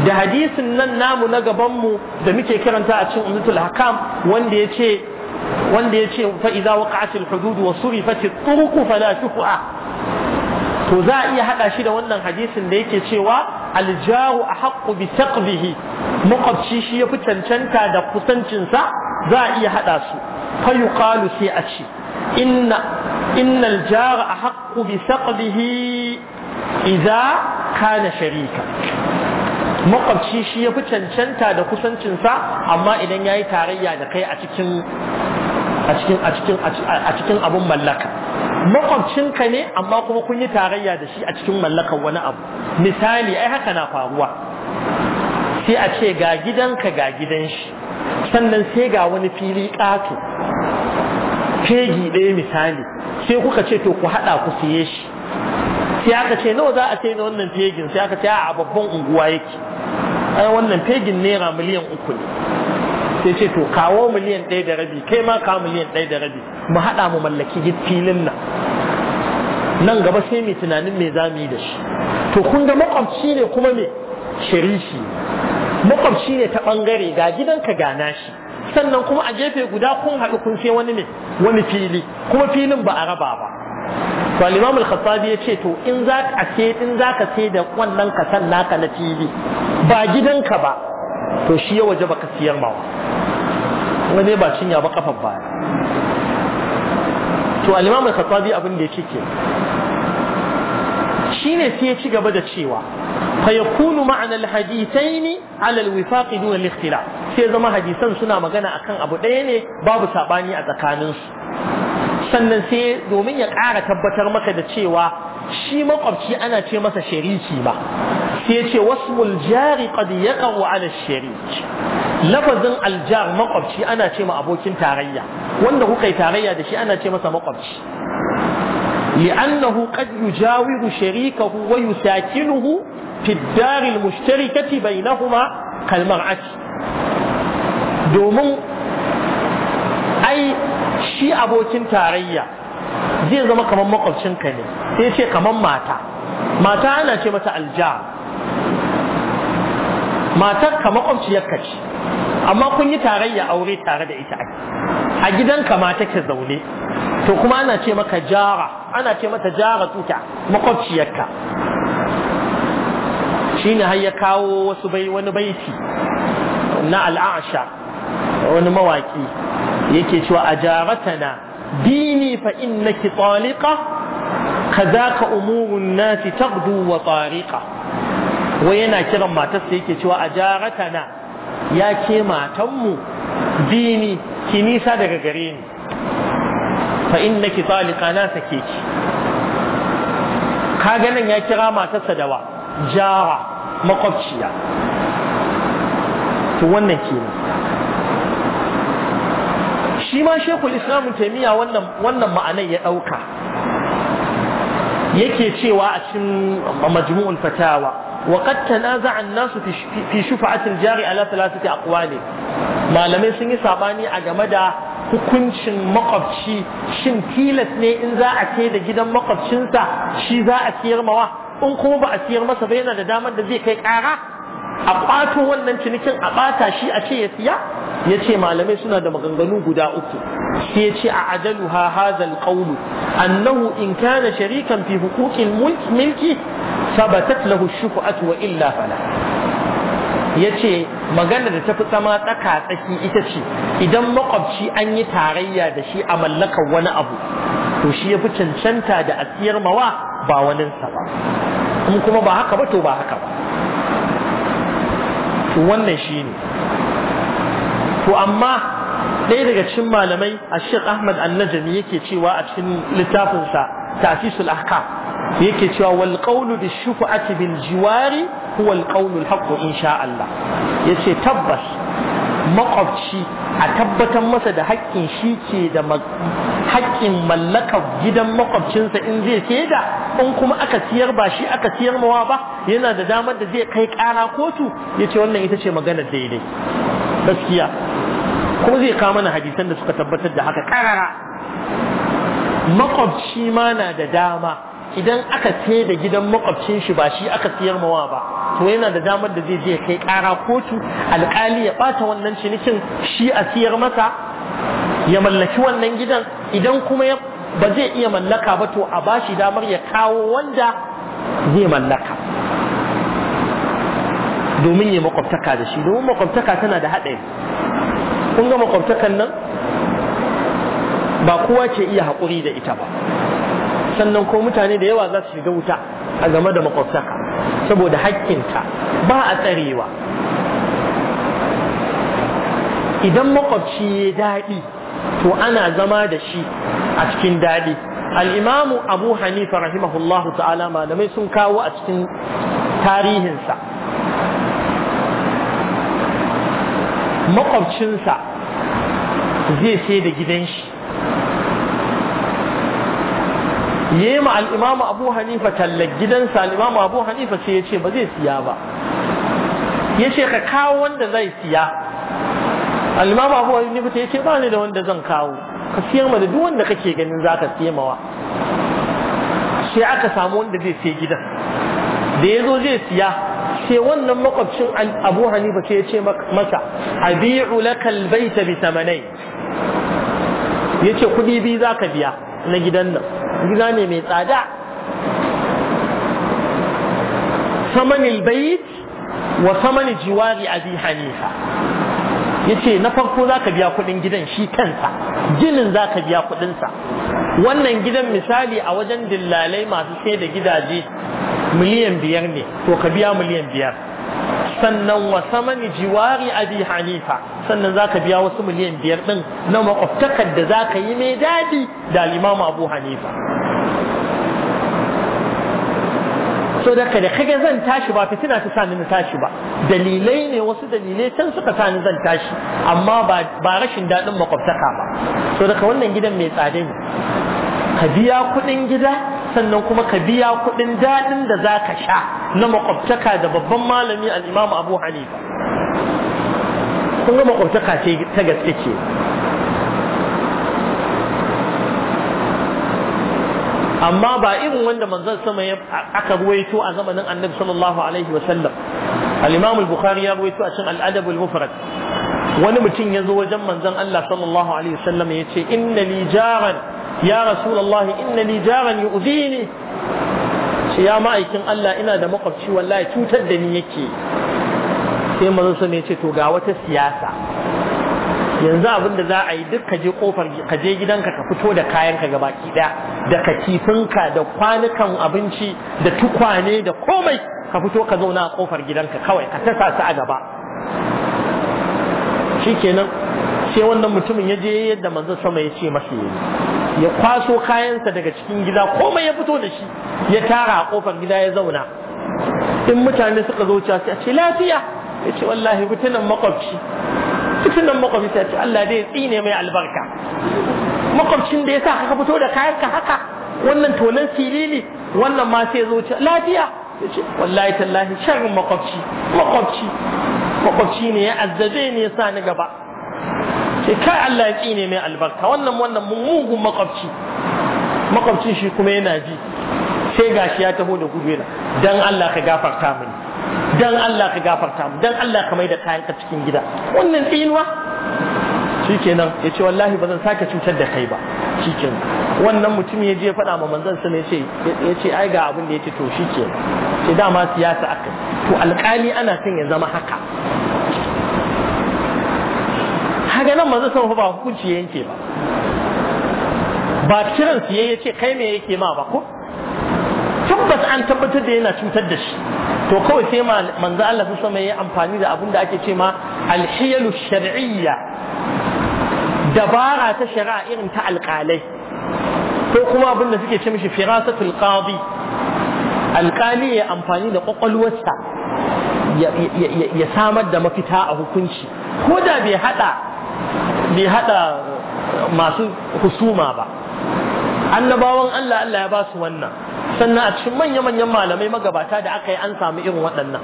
da hadisin nan namu na gaban mu da muke kiranta a cikin ummatul hakam wanda yace wanda yace fa idza waqa'atil hudud wa surifatit turuq fala shuf'a to za a iya hada shi da wannan hadisin da yake cewa aljaru ahqqu bi saqbihi makwabci shi yafi cancanta da kusancinsa za a iya hada su fa yuqalu sai a ce inna إن jara أحق bi إذا كان kana sharika makwabci shi ya fi cancanta da kusancinsa amma idan ya yi tarayya da kai a cikin a abun mallaka makwabcinka ne amma kuma kun yi tarayya da shi a cikin mallakar wani abu misali ai haka na faruwa sai a ce ga gidanka ga gidan shi sannan sai ga wani fili ƙato fegi ɗaya misali sai kuka ce to ku haɗa ku siye shi sai aka ce nawa za a sai na wannan fegin sai aka ce a babban unguwa yake ai wannan fegin ra miliyan uku ne sai ce to kawo miliyan ɗaya da rabi kai ma kawo miliyan ɗaya da rabi mu haɗa mu mallaki filin nan nan gaba sai mai tunanin me za mu yi da shi to kun ga makwabci ne kuma me shirishi makwabci ne ta ɓangare ga gidanka gana shi sannan kuma a gefe guda kun haɗu kun sai wani ne wani fili kuma filin ba a raba ba to al-imam al-khattabi yace to in za ka ce in za ka sai da wannan kasan naka na fili ba gidanka ba to shi ya waje baka siyar ma wani ba cinya ba kafan baya to al-imam al-khattabi abin da yake ke shine sai ya ci gaba da cewa fa yakunu ma'anal hadithaini ala alwifaq dun al-ikhtilaf sai zama hadisan suna magana akan abu ɗaya ne babu sabani a tsakanin su sannan sai domin ya ƙara tabbatar maka da cewa shi makwabci ana ce masa shariki ba sai ce wasmul jari qad yaqa'u ala sharik lafazin aljar makwabci ana ce ma abokin tarayya wanda kuka yi tarayya da shi ana ce masa makwabci لأنه قد يجاور شريكه ويساكنه في الدار المشتركة بينهما كالمرأة دومون أي شيء أبوكين تارية zai zama kamar makwabcinka ne sai ce kamar mata mata ana ce mata alja matar ka makwabciyarka ce amma kun yi tarayya aure tare da ita a gidanka mata ke zaune to kuma ana ce maka jara ana ce mata jara tuta makwabciyarka shine har ya kawo wasu bai wani baiti na al'asha wani mawaki yake cewa a jaratana dini fa innaki taliqa kazaka umurun nasi taghdu wa tariqa wai yana kiran matarsa yake cewa a jaratana ya ke matanmu dini ki nisa daga gare ni fa innaki talika na sake ki ka ganin ya kira matarsa da wa jara makwabciya to wannan kenan shi ma shekul islamun taimiyya wannan wannan ma'anai ya ɗauka yake cewa a cikin majmu'ul fatawa wa qad tanaza'a an-nas fi shufa'ati al-jari ala thalathati aqwali malamai sun yi sabani a game da hukuncin makwabci shin tilas ne in za a ce da gidan makwabcinsa shi za a siyar mawa in kuma ba a siyar masa ba yana da damar da zai kai kara a ƙwato wannan cinikin a ɓata shi a ce ya siya ya ce malamai suna da maganganu guda uku sai ya ce a ajalu ha hazal qawlu annahu in kana sharikan fi huquqil mulki sabatat lahu shufaatu wa illa fala ya ce magana da tafi zama tsaka tsaki ita ce idan makwabci an yi tarayya da shi a mallakar wani abu to shi ya fi cancanta da asiyar mawa ba waninsa ba in kuma ba haka ba to ba haka ba wannan shi ne to amma ɗaya daga cikin malamai a shek Ahmad Annajami yake cewa a cikin littafinsa tafisul ahkam yake cewa wal qawlu bi shufa'ati bil jiwari huwa al insha Allah yace tabbas makwabci a tabbatar masa da haƙƙin shi ke da haƙƙin mallakar gidan makwabcinsa in zai saida in kuma aka siyar ba shi aka siyar mawa ba yana da damar da zai kai ƙara kotu yace wannan ita ce maganar daidai gaskiya kuma zai kawo mana hadisan da suka tabbatar da haka ƙarara makwabci ma na da dama idan aka ce da gidan makwabcin shi ba shi aka siyar mawa ba to yana da damar da zai je kai kara kotu alkali ya bata wannan cinikin shi a siyar masa ya mallaki wannan gidan idan kuma ba zai iya mallaka ba to a bashi damar ya kawo wanda zai mallaka domin ya makwabtaka da shi domin makwabtaka tana da haɗari kun ga makwabtakan nan ba kowa ke iya haƙuri da ita ba sannan ko mutane da yawa za su shiga wuta a game da makwabtaka saboda haƙƙinta ba a tsarewa idan makwabci ya daɗi to ana zama da shi a cikin daɗi al'imamu abu hanifa rahimahullahu ta'ala malamai sun kawo a cikin tarihinsa makwabcinsa zai sai da gidan shi yi ma al'imamu abu hanifa tallar gidansa al'imamu abu hanifa sai ya ce ba zai siya ba ya ce ka kawo wanda zai siya al'imamu abu hanifa ya ce ba ni da wanda zan kawo ka siya ma da duk wanda kake ganin za ka siya mawa sai aka samu wanda zai siya gidan da ya zo zai siya sai wannan makwabcin abu hanifa ce ya ce masa abi'u lakal baita bi tamanai ya ce kuɗi biyu za ka biya na gidan nan gida ne mai tsada samanil bayit wa samani jiwari abi hanifa ya ce na farko za ka biya kuɗin gidan shi kansa ginin za ka biya kuɗinsa wannan gidan misali a wajen dillalai masu sai da gidaje miliyan biyar ne to ka biya miliyan biyar sannan wasa samani jiwari abi hanifa sannan zaka biya wasu miliyan biyar din na makwabtakar da zaka yi mai dadi da al abu hanifa so da kada kage zan tashi ba fitina ta sani na tashi ba dalilai ne wasu dalilai can suka sani zan tashi amma ba rashin daɗin makwabtaka ba so da wannan gidan mai tsada ne ka biya kuɗin gida sannan kuma ka biya kuɗin daɗin da za ka sha na makwabtaka da babban malami al'imamu abu hanifa kun makwabtaka ce ta gaske ce amma ba irin wanda manzon sama ya aka ruwaito a zamanin annabi sallallahu alaihi wa sallam al ya ruwaito a cin al-adab wani mutum ya zo wajen manzan Allah sallallahu alaihi wa ya ce inna li jaran ya rasulullahi inna ni jaran yu'dhini ce ya ma'aikin Allah ina da makwabci wallahi cutar da ni yake sai manzo sun ce to ga wata siyasa yanzu abin da za a yi duk kaje kofar gidanka ka fito da kayanka gaba ki da katifinka da kwanukan abinci da tukwane da komai ka fito ka zauna a kofar gidanka kawai ka tasa su a gaba shikenan sai wannan mutumin ya je yadda manzo sama ya ce masa yayi ya kwaso kayansa daga cikin gida komai ya fito da shi ya tara a kofar gida ya zauna in mutane suka zo cewa sai a ce lafiya ya ce wallahi fitinan makwabci fitinan makwabci sai a ce Allah dai ya tsine mai albarka makwabcin da ya sa ka fito da kayan ka haka wannan tonan ne. wannan ma sai zo ce lafiya ya ce wallahi tallahi sharrin makwabci makwabci makwabci ne ya azzabe ne ya sa ni gaba ce kai Allah ya tsine mai albarka wannan wannan mugun makwabci makwabcin shi kuma yana ji sai gashi ya taho da gudu yana dan Allah ka gafarta mini dan Allah ka gafarta mini dan Allah ka mai da kayan ka cikin gida wannan tsinuwa shikenan ya ce wallahi ba zan sake cutar da kai ba shikenan wannan mutum ya je faɗa ma manzon sa ne ce ya ce ai ga abin da ya ce to shikenan Sai dama siyasa aka to alƙali ana son ya zama haka kaga nan manzo sama ba hukunci yanke ba ba kiran su yayi ce kai me yake ma ba ko tabbas an tabbatar da yana cutar da shi to kawai sai manzo Allah sama yayi amfani da abin da ake ce ma alhiyalu shar'iyya dabara ta shari'a irin ta alƙalai ko kuma abin da suke ce mishi firasatul qadi alqali ya amfani da kwakwalwarsa ya samar da mafita a hukunci ko da bai hada bai hada masu husuma ba annabawan Allah Allah ya ba su wannan sannan a cikin manya-manyan malamai magabata da aka yi an samu irin waɗannan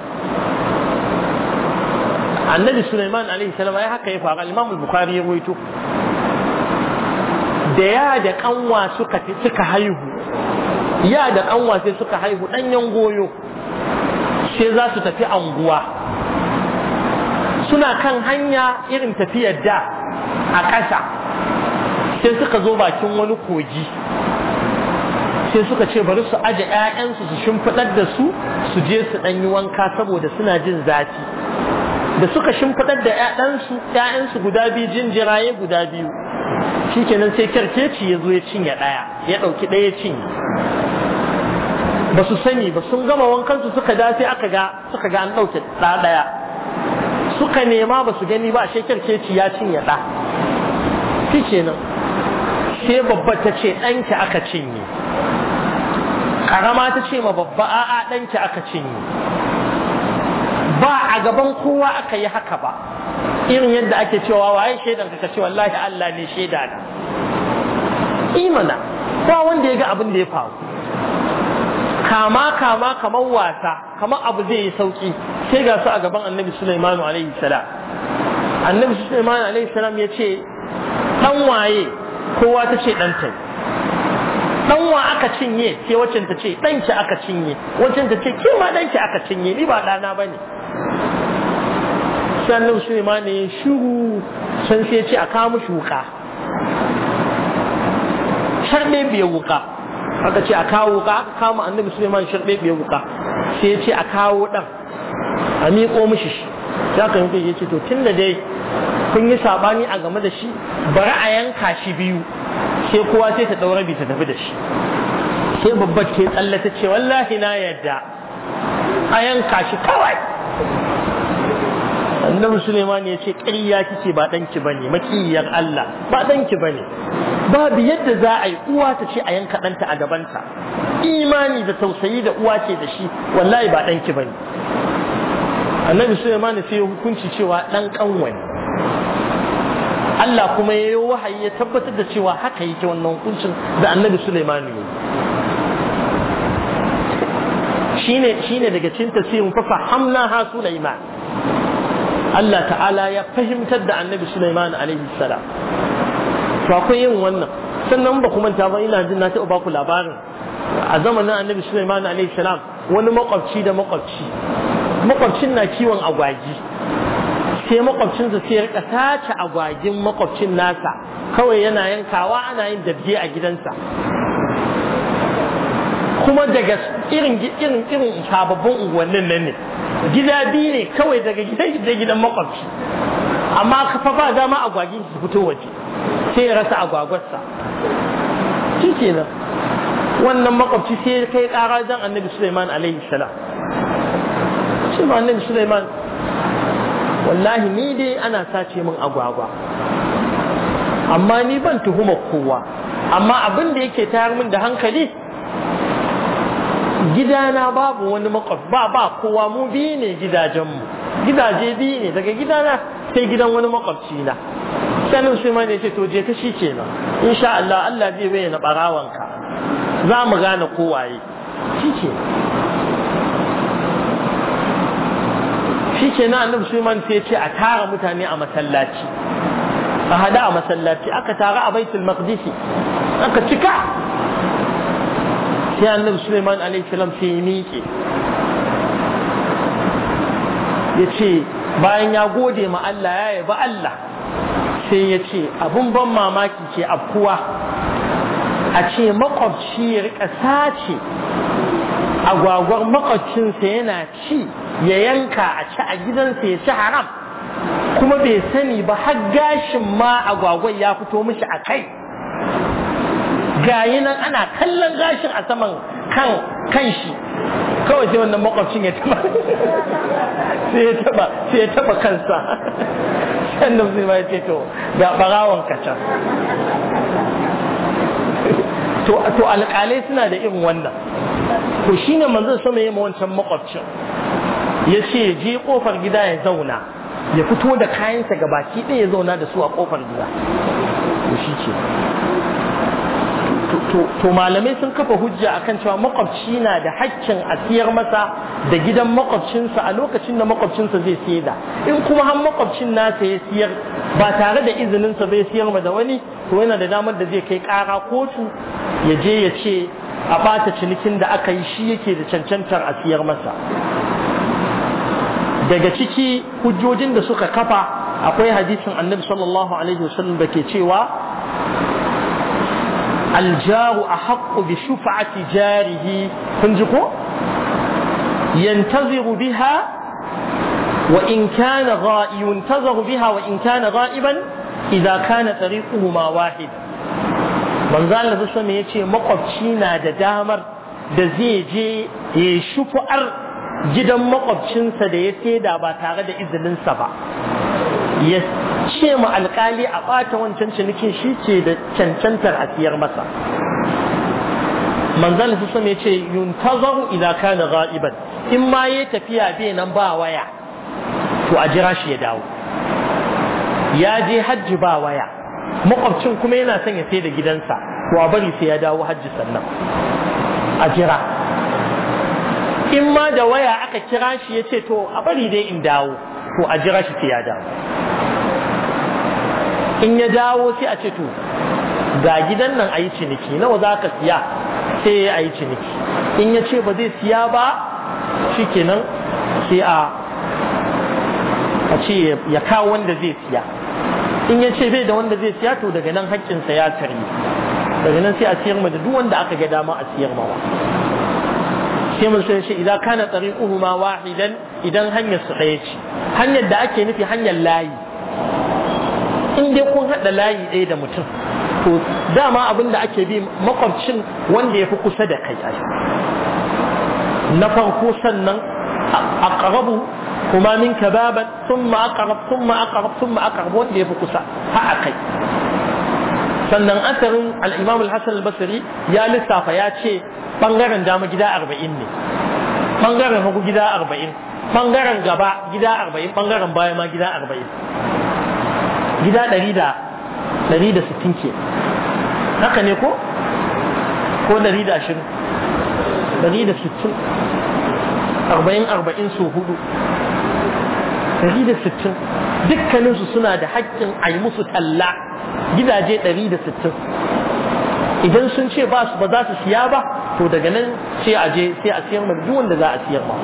annabi Sulaiman alaihi salama ya haka ya faru al-Imam Bukhari ya rawaito da ya da kanwa suka suka haihu ya da kanwa sai suka haihu danyen goyo sai za su tafi anguwa suna kan hanya irin tafiyar da a ƙasa sai suka zo bakin wani kogi sai suka ce bari su aje 'ya'yansu su shimfiɗar da su su je su ɗan wanka saboda suna jin zafi da suka shimfiɗar da 'ya'yansu guda biyu jiraye guda biyu shikenan sai kyarkeci ya zo ya cinye ɗaya ya ɗauki ɗaya cinye ba su sani ba sun gama wankansu suka da sai aka ga suka ga an ɗauke ɗaya suka nema ba su gani ba shi keci ya cinye ɗa shi nan sai babba ta ce ɗanki aka cinye ƙarama ta ce ma babba a'a ɗanki aka cinye ba a gaban kowa aka yi haka ba irin yadda ake cewa waye shaidan ka ce wallahi Allah ne shaida na imana ba wanda ya ga abin da ya faru kama kama kamar wasa kamar abu zai yi sauki sai ga su a gaban annabi Sulaiman alaihi salam annabi Sulaiman alaihi salam ya ce dan waye kowa ta ce dan ta dan wa aka cinye sai waccan ta ce dan ki aka cinye waccan ta ce ke ma dan ki aka cinye ni ba dana bane sai annabi Sulaiman ya shiru san sai ya ce a kawo mushi wuka sharme bai wuka aka ce a kawo wuka aka kama annabi suleiman sharbe bai wuka sai ya ce a kawo dan a miƙo mishi shi za ka yi ya ce to tun da dai kun yi sabani a game da shi bari a yanka shi biyu sai kowa sai ta daura bi ta tafi da shi sai babbar ke tsalle ta ce wallahi na yadda a yanka shi kawai annabi Suleiman ya ce ƙarya kike ba danki bane makiyar Allah ba danki bane babu yadda za a yi uwa ta ce a yanka ɗanta a gabanta imani da tausayi da uwa ke da shi wallahi ba danki bane annabi Suleiman sai ya hukunci cewa dan ƙanwani, Allah kuma ya yi wahayi ya tabbatar da cewa haka yake wannan hukuncin da annabi Suleiman ya shine shine daga sai mu fa fahamna ha Sulaiman Allah ta'ala ya fahimtar da annabi Sulaiman alaihi salam to akwai yin wannan sannan ba kuma ta ba ina jin na taɓa baku labarin a zamanin annabi Sulaiman alaihi salam wani makwabci da makwabci makwabcin na kiwon agwagi sai makwabcinsa sai rika tace agwagin makwabcin nasa kawai yana yankawa ana yin dabje a gidansa kuma daga irin irin irin sababbin unguwannin nan ne gida biyu ne kawai daga gidan shi da gidan makwabci amma kafa ba dama agwagi su fito waje sai ya rasa agwagwarsa shi kenan wannan makwabci sai ya kai kara dan annabi Sulaiman alaihi salam shi ma annabi Sulaiman wallahi ni dai ana sace min agwagwa amma ni ban tuhumar kowa amma abin da yake tayar min da hankali gidana babu wani makwab ba ba kowa mu biyu ne gidajenmu gidaje biyu ne daga gidana sai gidan wani makwabci na sanin su ne ce to je ta shi kenan insha Allah Allah zai bayyana barawanka za mu gane kowaye shi ke shi ke na annabi mai sai ce a tara mutane a masallaci a hada a masallaci aka tara a baitul maqdisi aka cika sai annabi Sulaiman salam sai ya miƙe ya ce bayan ya gode ma Allah ya yaba Allah sai ya ce abun ban mamaki ce afkuwa a ce makwabci ya rika sace agwagwar makwabcinsa yana ci ya yanka a ci a gidansa ya ci haram kuma bai sani ba har gashin ma agwagwar ya fito mishi a kai gayi nan ana kallon gashin a saman kan kan shi kawai sai wannan makwabcin ya taba sai ya taba sai ya taba kansa sannan da ma ya ce to ga barawon kacan to to alƙalai suna da irin wannan to shine manzon sama yayin wancan makwabcin ya je kofar gida ya zauna ya fito da kayansa gabaki ɗaya ya zauna da su a kofar gida to shi ce to malamai sun kafa hujja akan cewa makwabci na da haƙƙin a siyar masa da gidan makwabcinsa a lokacin da makwabcinsa zai siye da in kuma har makwabcin nasa ya siyar ba tare da izininsa bai siyar ma da wani to yana da damar da zai kai ƙara kotu ya je ya ce a bata cinikin da aka yi shi yake da cancantar a siyar masa daga ciki hujjojin da suka kafa akwai hadisin annabi sallallahu alaihi wasallam da ke cewa aljaru a haƙƙu bi shufa'ati jarihi kun ji ko yantaziru biha wa in kana ghaibun tazaru biha wa in kana ghaiban idza kana tariquhuma wahid manzo Allah me yace makwabci na da damar da zai je ya shufu'ar gidan makwabcinsa da ya da ba tare da izininsa ba ce ma alkali a bata wancan cinikin shi ce da cancantar a siyar masa manzan su ya ce yuntazaru idza kana ghaiban in ma ya tafiya bai nan ba waya to a jira shi ya dawo ya je hajji ba waya makwabcin kuma yana son ya sai da gidansa to a bari sai ya dawo hajji sannan a jira in ma da waya aka kira shi ya ce to a bari dai in dawo to a jira shi sai ya dawo in ya dawo sai a ce to ga gidan nan a yi ciniki nawa za ka siya sai a yi ciniki in ya ce ba zai siya ba shi kenan sai a a ce ya kawo wanda zai siya in ya ce bai da wanda zai siya to daga nan haƙƙinsa ya tare daga nan sai a siyar ma da duk wanda aka ga dama a siyar ma sai mun sai shi idan kana tsari'uhu ma wahidan idan hanyar su ɗaya ce hanyar da ake nufi hanyar layi in dai kun haɗa layi ɗaya da mutum to dama abin da ake bi makwabcin wanda ya fi kusa da kai na farko sannan a ƙarabu kuma min ka baban sun ma'akarab sun ma'akarab sun ma'akarab wanda ya fi kusa ha a kai sannan asarin al'imam al-hassan al-basri ya lissafa ya ce ɓangaren dama gida arba'in ne ɓangaren hagu gida arba'in ɓangaren gaba gida arba'in ɓangaren baya ma gida arba'in gida ɗari da ɗari da sittin ke haka ne ko ko ɗari da ashirin ɗari da sittin arba'in arba'in su hudu ɗari da sittin dukkaninsu suna da haƙƙin a yi musu talla gidaje ɗari da sittin idan sun ce ba su ba za su siya ba to daga nan sai a je sai a siyar ma duk wanda za a siyar ba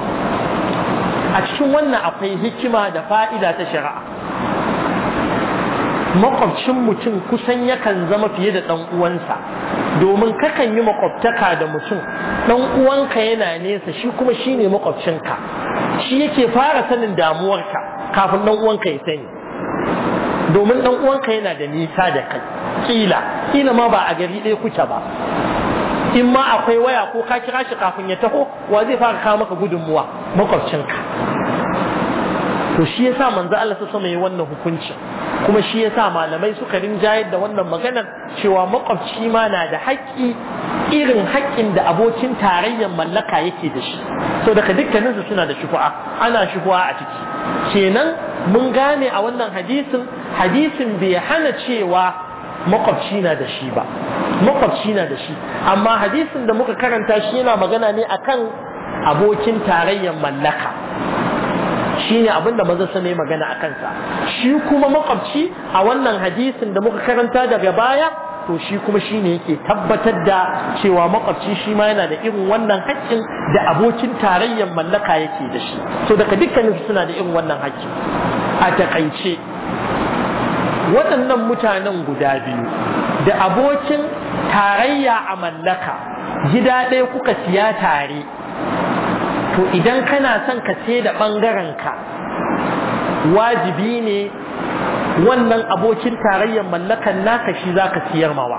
a cikin wannan akwai hikima da fa'ida ta shari'a makwabcin mutum kusan yakan zama fiye da ɗan uwansa domin kakan yi makwabtaka da mutum ɗan uwanka yana nesa shi kuma shi ne makwabcinka shi yake fara sanin damuwarka kafin ɗan uwanka ya sani domin ɗan uwanka yana da nisa da kai kila kila ma ba a gari ɗaya kuke ba in ma akwai waya ko ka kira shi kafin ya taho wa zai fara kawo maka gudunmuwa makwabcinka to shi yasa manzo Allah ta sama yi wannan hukunci kuma shi yasa malamai suka rinjayar da wannan maganar cewa makwabci ma na da haƙƙi irin haƙƙin da abokin tarayyar mallaka yake da shi so daga dukkanin suna da shufu'a ana shufu'a a ciki kenan mun gane a wannan hadisin hadisin bai hana cewa makwabci na da shi ba makwabci na da shi amma hadisin da muka karanta shi yana magana ne akan abokin tarayyar mallaka shine abin da manzon sama magana a kansa shi kuma makwabci a wannan hadisin da muka karanta daga baya to shi kuma shi ne yake tabbatar da cewa makwabci shi ma yana da irin wannan haƙƙin da abokin tarayyar mallaka yake da shi to daga dukkanin suna da irin wannan haƙƙin. a takaice waɗannan mutanen guda biyu da abokin tarayya a mallaka gida ɗaya kuka siya tare to idan kana son ka ce da ɓangarenka wajibi ne wannan abokin tarayyar mallakan naka shi za ka siyar mawa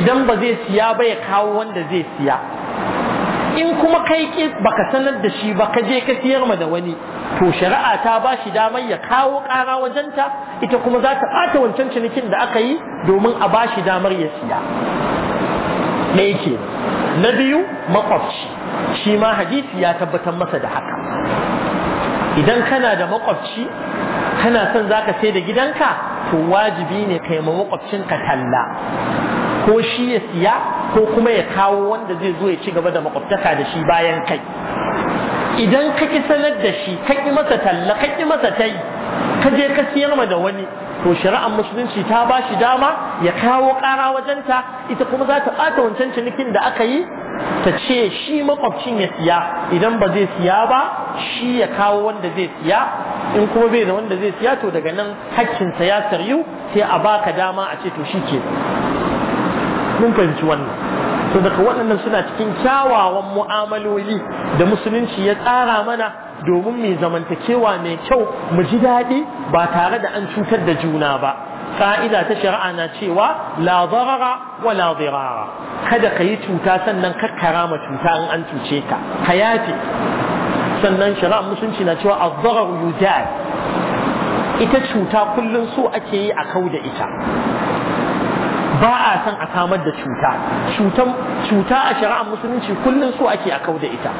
idan ba zai siya ba ya kawo wanda zai siya in kuma kai baka sanar da shi ba ka je ka siyar ma da wani to shari'a ta ba shi damar ya kawo ƙara wajenta ita kuma za ta ɓata wancan cinikin da aka yi domin a ba shi damar ya siya ɗaya ke na biyu makwabci shi ma hadisi ya tabbatar masa da haka idan kana da makwabci kana son zaka sai da gidanka to wajibi ne ka yi ma makwabcinka talla ko shi ya siya ko kuma ya kawo wanda zai zo ya ci gaba da makwabtaka da shi bayan kai idan ka ki sanar da shi ka ki masa talla ka ki masa tai ka je ka siyar ma da wani to shari'ar musulunci ta ba shi dama ya kawo ƙara wajenta ita kuma za ta ɓata wancan cinikin da aka yi ta ce shi makwabcin ya siya idan ba zai siya ba shi ya kawo wanda zai siya in kuma bai da wanda zai siya to daga nan hakkinsa ya saryu sai a baka dama a ce to shi ke mun fahimci wannan to daga waɗannan suna cikin kyawawan mu'amaloli da musulunci ya tsara mana domin mai zamantakewa mai kyau mu ji daɗi ba tare da an cutar da juna ba ka'ida ta shari'a na cewa la zarara wa la kada ka yi cuta sannan ka karama cuta in an cuce ka ka yafe sannan shari'a musulunci na cewa az-zarar ita cuta kullum su ake yi a kau da ita ba a san a samar da cuta cuta a shari'ar musulunci kullum su ake a kau da ita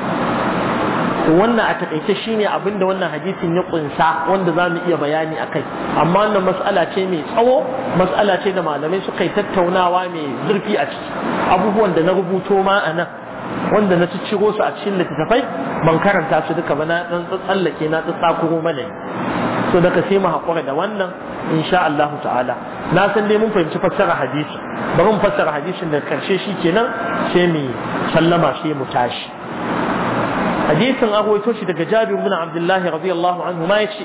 to wannan a takaice shine abinda wannan hadisin ya kunsa wanda za mu iya bayani a kai amma wannan mas'ala ce mai tsawo mas'ala ce da malamai suka yi tattaunawa mai zurfi a ciki abubuwan da na rubuto ma a nan wanda na ciro su a cikin littattafai ban karanta su duka ba na dan tsallake na tsakuro mana so daga sai mu hakura da wannan insha Allah ta'ala na san dai mun fahimci fassara hadisi bari mu fassara hadisin da karshe kenan sai mu sallama sai mu tashi hadisin agwaito shi daga jabir bin abdullahi radiyallahu anhu ma yace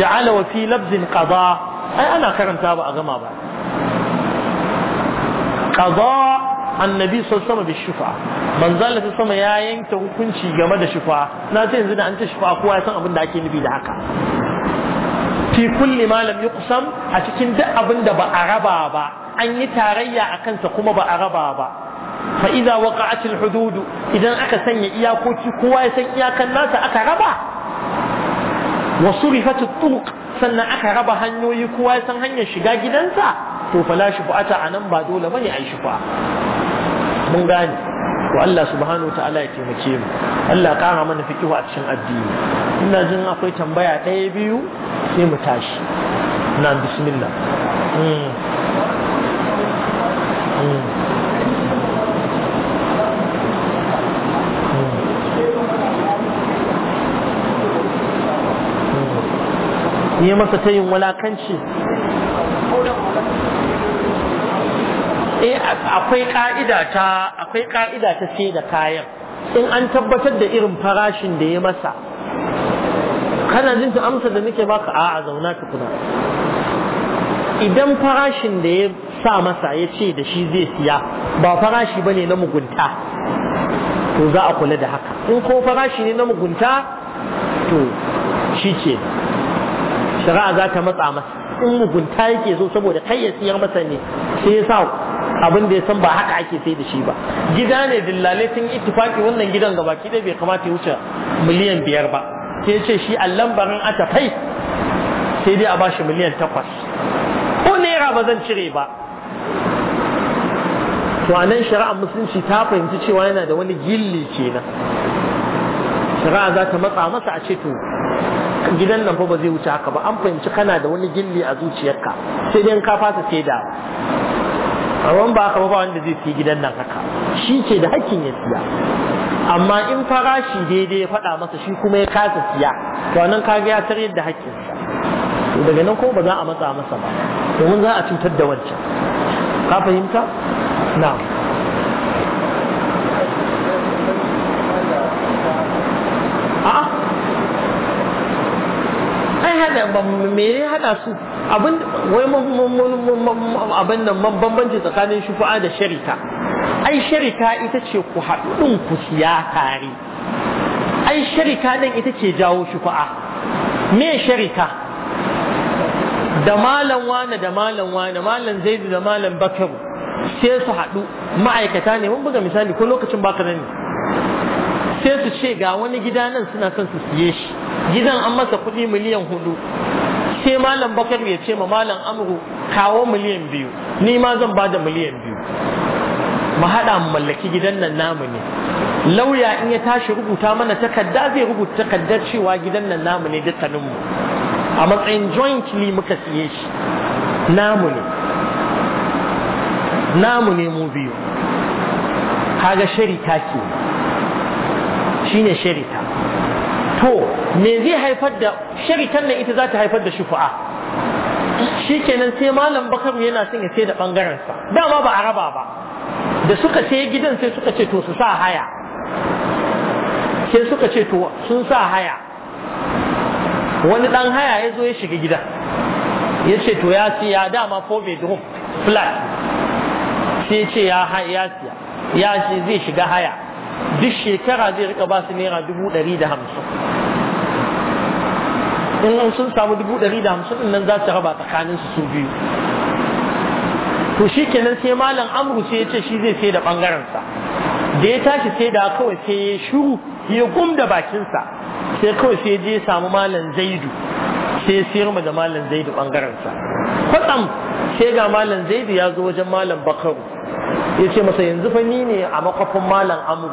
ja'ala wa fi labzin qada ai ana karanta ba a gama ba qada annabi sun sama bi shufa manzon Allah sama ya yanke hukunci game da shufa na ce yanzu da an ta shufa kowa ya san abin da ake nufi da haka fi kulli ma lam yuqsam a cikin duk abin da ba a raba ba an yi tarayya a kansa kuma ba a raba ba fa idza waqa'atil hudud idan aka sanya iyakoki kowa ya san iyakan nasa aka raba wa surifat sannan aka raba hanyoyi kowa ya san hanyar shiga gidansa to fala a nan ba dole bane ai shufa mun gane to Allah subhanahu ta'ala ya taimake mu Allah kara mana fikihu a cikin addini ina jin akwai tambaya ɗaya biyu sai mu tashi na bismillah hmm. ya masa ta yin walakanci eh, akwai ka'ida ta akwai sai da kayan in an tabbatar da irin farashin da ya masa kana jin ta amsa da nake baka a'a zauna kuna idan farashin da ya sa masa ya ce da shi zai siya ba farashi ba ne na mugunta to za a kula da haka in ko farashi ne na mugunta to shi ce shari'a za ta matsa masa in mugunta yake zo saboda kai ya siyar masa ne sai ya sa abin da ya san ba haka ake sai da shi ba gida ne dillale tun ittifaki wannan gidan baki ki bai kamata ya wuce miliyan biyar ba sai ya ce shi a barin ata sai dai a ba shi miliyan takwas ko naira ba zan cire ba to a nan shari'ar musulunci ta fahimci cewa yana da wani gilli kenan shari'a za ta matsa masa a ce to gidan nan fa ba zai wuce haka ba an fahimci kana da wani gilli a zuciyarka sai dai ka fasa sai da amma ba haka ba wanda zai fi gidan nan haka shi ke da hakkin ya siya amma in farashi daidai ya faɗa masa shi kuma ya kasa siya to nan ga ya taryar da hakkin to daga nan kuma ba za a matsa masa ba domin za a cutar da wancan ka fahimta na'am da me ya hada su abin wai abin nan bambanci tsakanin shufa'a da sharika ai sharika ita ce ku haɗu ɗin ku siya tare ai sharika ɗin ita ce jawo shufa'a me sharika da malam wane da malam wane malam zaidu da malam bakaru sai su haɗu ma'aikata ne mun buga misali ko lokacin baka ne sai su ce ga wani gida nan suna son su siye shi gidan an masa kuɗi miliyan hudu sai malam bakar ya ce ma malam amru kawo miliyan biyu ni ma zan ba da miliyan biyu mu haɗa mu mallaki gidan nan namu ne lauya in ya tashi rubuta mana takarda zai rubuta takardar cewa gidan nan namu ne dukkaninmu a matsayin jointly muka siye shi namu ne namu ne mu biyu kaga sharita ke shine sharita to me zai haifar da sharikan nan ita za ta haifar da shi shikenan sai malam bakaru yana son ya sai da ɓangarensa. Da dama ba a raba ba da suka sai gidan sai suka ce to su sa haya sai suka ce to sun sa haya wani dan haya ya zo ya shiga gidan ya ce to ya siya dama four bedroom flat sai ce ya siya ya zai shiga haya duk shekara zai rika ba su naira dubu ɗari da hamsin in sun samu dubu ɗari da hamsin in nan za su raba tsakanin su su biyu to shi kenan sai malam amru sai ya ce shi zai sai da ɓangarensa da ya tashi sai da kawai sai ya shuru ya gum da bakinsa sai kawai sai je ya samu malam zaidu sai ya siyar da malam zaidu ɓangarensa kwatsam sai ga malam zaidu ya zo wajen malam bakaru ya ce masa yanzu fa ni ne a makwafin malam amur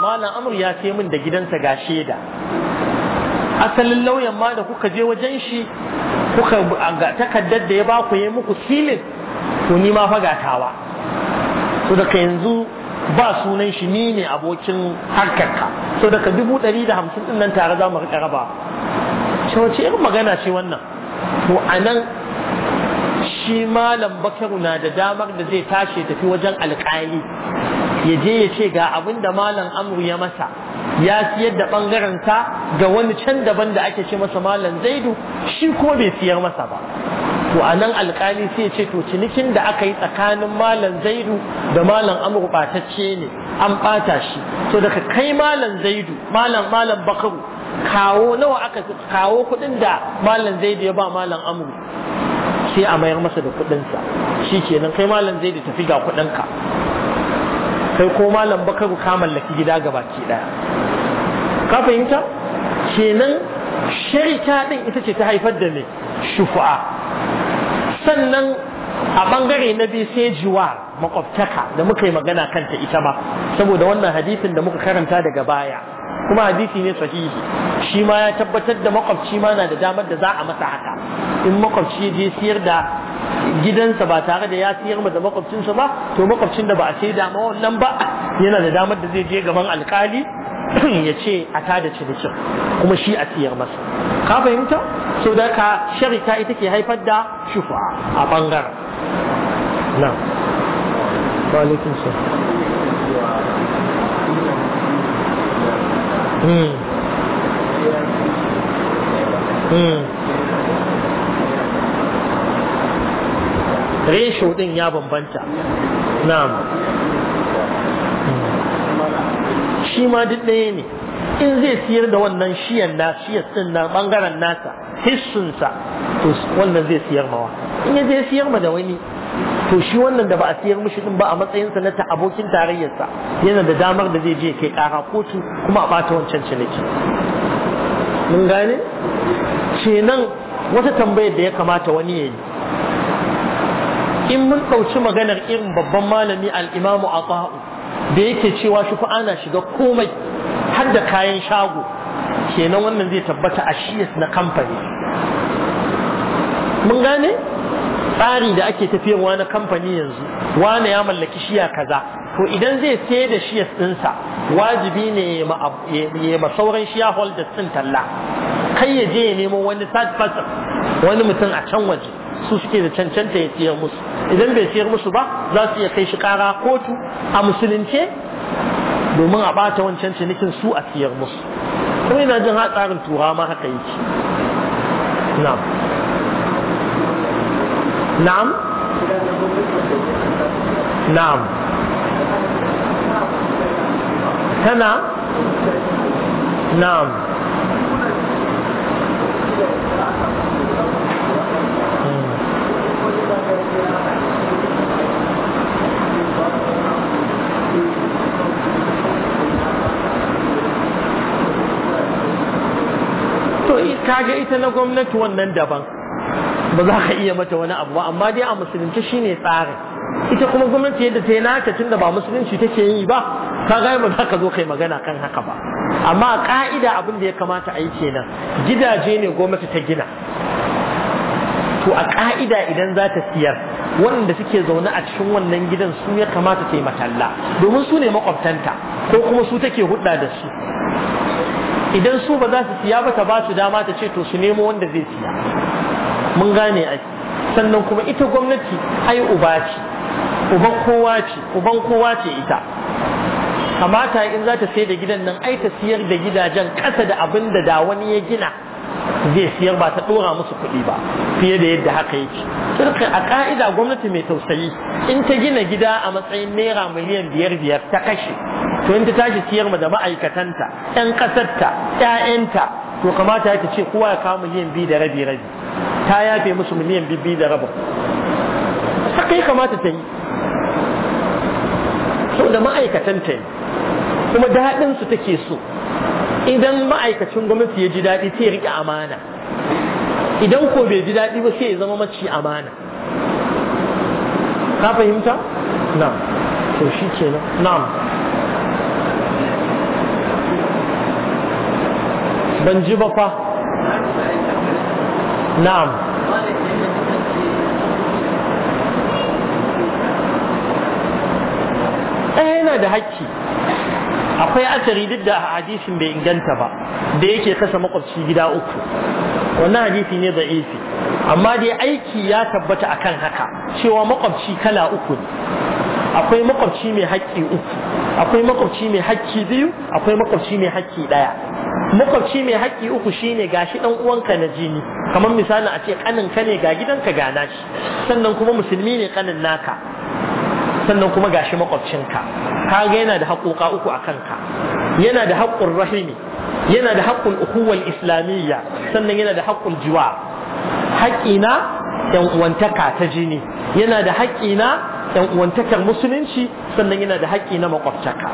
malam amur ya ce min da gidansa ga shaida asalin lauyan ma da kuka je wajen shi kuka ga takaddar da ya ba ku yi muku silin to ni ma fagatawa so daga yanzu ba sunan shi ni ne abokin harkarka so daga dubu ɗari da hamsin ɗin nan tare za mu riƙa raba ce wace irin magana ce wannan to a nan shi malam bakaru na da damar da zai tashi tafi wajen alƙali ya je ya ce ga abin da malam amru ya masa ya siyar da ɓangarensa ga wani can daban da ake ce masa malam zaidu shi kuma bai siyar masa ba to a nan alƙali sai ce to cinikin da aka yi tsakanin malam zaidu da malam amru batacce ne an ɓata shi to daga kai malam zaidu malam malam bakaru kawo nawa aka kawo kuɗin da malam zaidu ya ba malam amru sai a mayar masa da kuɗinsa shi nan kai malam zai da tafi ga kuɗinka kai ko malam baka ka mallaki gida gabaki ɗaya ka fahimta kenan sharika ɗin ita ce ta haifar da mai shufa'a sannan a bangare na biyu sai jiwa makwabtaka da muka yi magana kanta ita ba saboda wannan hadisin da muka karanta daga baya kuma hadisi ne sahihi shi ma ya tabbatar da makwabci ma na da damar da za a masa haka in makwabci je siyar da gidansa ba tare da ya siyar da makwabcinsa ba to makwabcin da ba a sai dama wannan ba yana da damar da zai je gaban alkali ya ce a tada cinikin kuma shi a siyar masa ka fahimta so da ka sharita ita ke haifar da shufa a bangaren نعم وعليكم السلام resho din ya bambanta na'am shi ma duk ɗaya ne in zai siyar da wannan shiyan na shiyar din na bangaren nasa hissunsa to wannan zai siyar mawa in ya je siyar ma da wani to shi wannan da ba a siyar mishi din ba a matsayinsa na ta abokin tarayyarsa yana da damar da zai je kai kara kotu kuma a bata wancan ciniki mun gane kenan wata tambayar da ya kamata wani ya yi in mun ɗauki maganar irin babban malami al'imamu a da yake cewa shi fa ana shiga komai har da kayan shago kenan wannan zai tabbata a shiyas na kamfani mun gane tsari da ake tafiyarwa na kamfani yanzu wana ya mallaki shiya kaza to idan zai sayar da shiya ɗinsa wajibi ne ya ma sauran shiya holder ɗin talla kai ya je ya nemo wani third person wani mutum a can waje su suke da cancanta ya siyar musu idan bai siyar musu ba za su iya kai shi kara kotu a musulunce domin a bata wancan cinikin su a siyar musu kuma ina jin hatsarin turawa ma haka yake na'am نعم نعم سنة نعم to kaga ita na gwamnati wannan daban ba za ka iya mata wani abu ba amma dai a musulunci shine tsari ita kuma gwamnati yadda ta yi nata tunda ba musulunci take yi ba ka ga ba za ka zo kai magana kan haka ba amma a ka'ida abin da ya kamata a yi kenan gidaje ne gwamnati ta gina to a ka'ida idan za ta siyar wanda suke zaune a cikin wannan gidan su ya kamata ta yi matalla domin su ne makwabtanta ko kuma su take hudda da su idan su ba za su siya ba ta ba su dama ta ce to su nemo wanda zai siya mun gane ai sannan kuma ita gwamnati ai uba ce uban kowa ce uban kowa ce ita kamata in za ta sai da gidan nan ai ta siyar da gidajen kasa da abin da da wani ya gina zai siyar ba ta dora musu kuɗi ba fiye da yadda haka yake sirka a ka'ida gwamnati mai tausayi in ta gina gida a matsayin naira miliyan biyar biyar ta kashe to in ta tashi siyar ma da ma'aikatanta 'yan ƙasarta 'ya'yanta to kamata ya ce kowa ya kawo miliyan biyu da rabi rabi ta yafe musu miliyan bibbi da rabin haka ya kamata ta yi sau da ma'aikatan ta yi kuma daɗinsu take so idan ma'aikacin gwamnati ya ji daɗi sai ya riƙe amana idan ko bai ji daɗi ba sai ya zama maci amana ka fahimta? na to shi kenan Na. ban ji ba fa na'am ɗaya eh, yana da hakki akwai asari duk da hadisin bai inganta ba da yake kasa makwabci gida uku wannan hadisi ne da isi amma dai aiki ya tabbata akan haka cewa makwabci kala uku ne akwai makwabci mai haƙƙi uku akwai makwabci mai hakki biyu akwai makwabci mai hakki daya makwabci mai hakki uku shine gashi dan uwanka na jini kamar misali a ce kanin ne ga gidanka ga nashi sannan kuma musulmi ne kanin naka sannan kuma gashi makwabcinka kaga yana da haƙoƙa uku a kanka yana da haƙƙun rahimi yana da haƙƙun ukuwal islamiyya sannan yana da haƙƙun jiwa haƙƙi na yan uwantaka ta jini yana da haƙƙi na yan uwantakar musulunci sannan yana da haƙƙi na makwabtaka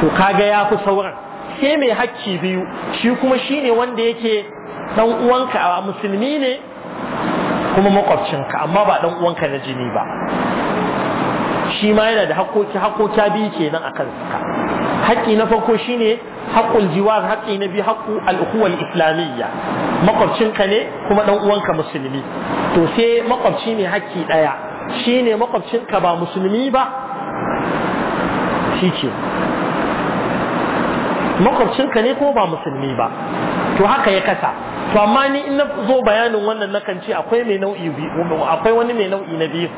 to kaga ya fi sauran sai mai haƙƙi biyu shi kuma shine wanda yake dan uwanka a musulmi ne kuma makwabcinka amma ba dan uwanka na jini ba shi ma yana da haƙƙoƙi haƙƙoƙa biyu kenan a kansa haƙƙi na farko shine haƙƙul jiwar haƙƙi na biyu haƙƙu al'ukuwar islamiyya makwabcinka ne kuma dan uwanka musulmi to sai makwabci mai haƙƙi ɗaya Shi shine makwabcinka ba musulmi ba shi ce makwabcinka ne ko ba musulmi ba to haka ya kasa to amma ni in na zo bayanin wannan na kan ce akwai mai nau'i biyu akwai wani mai nau'i na biyu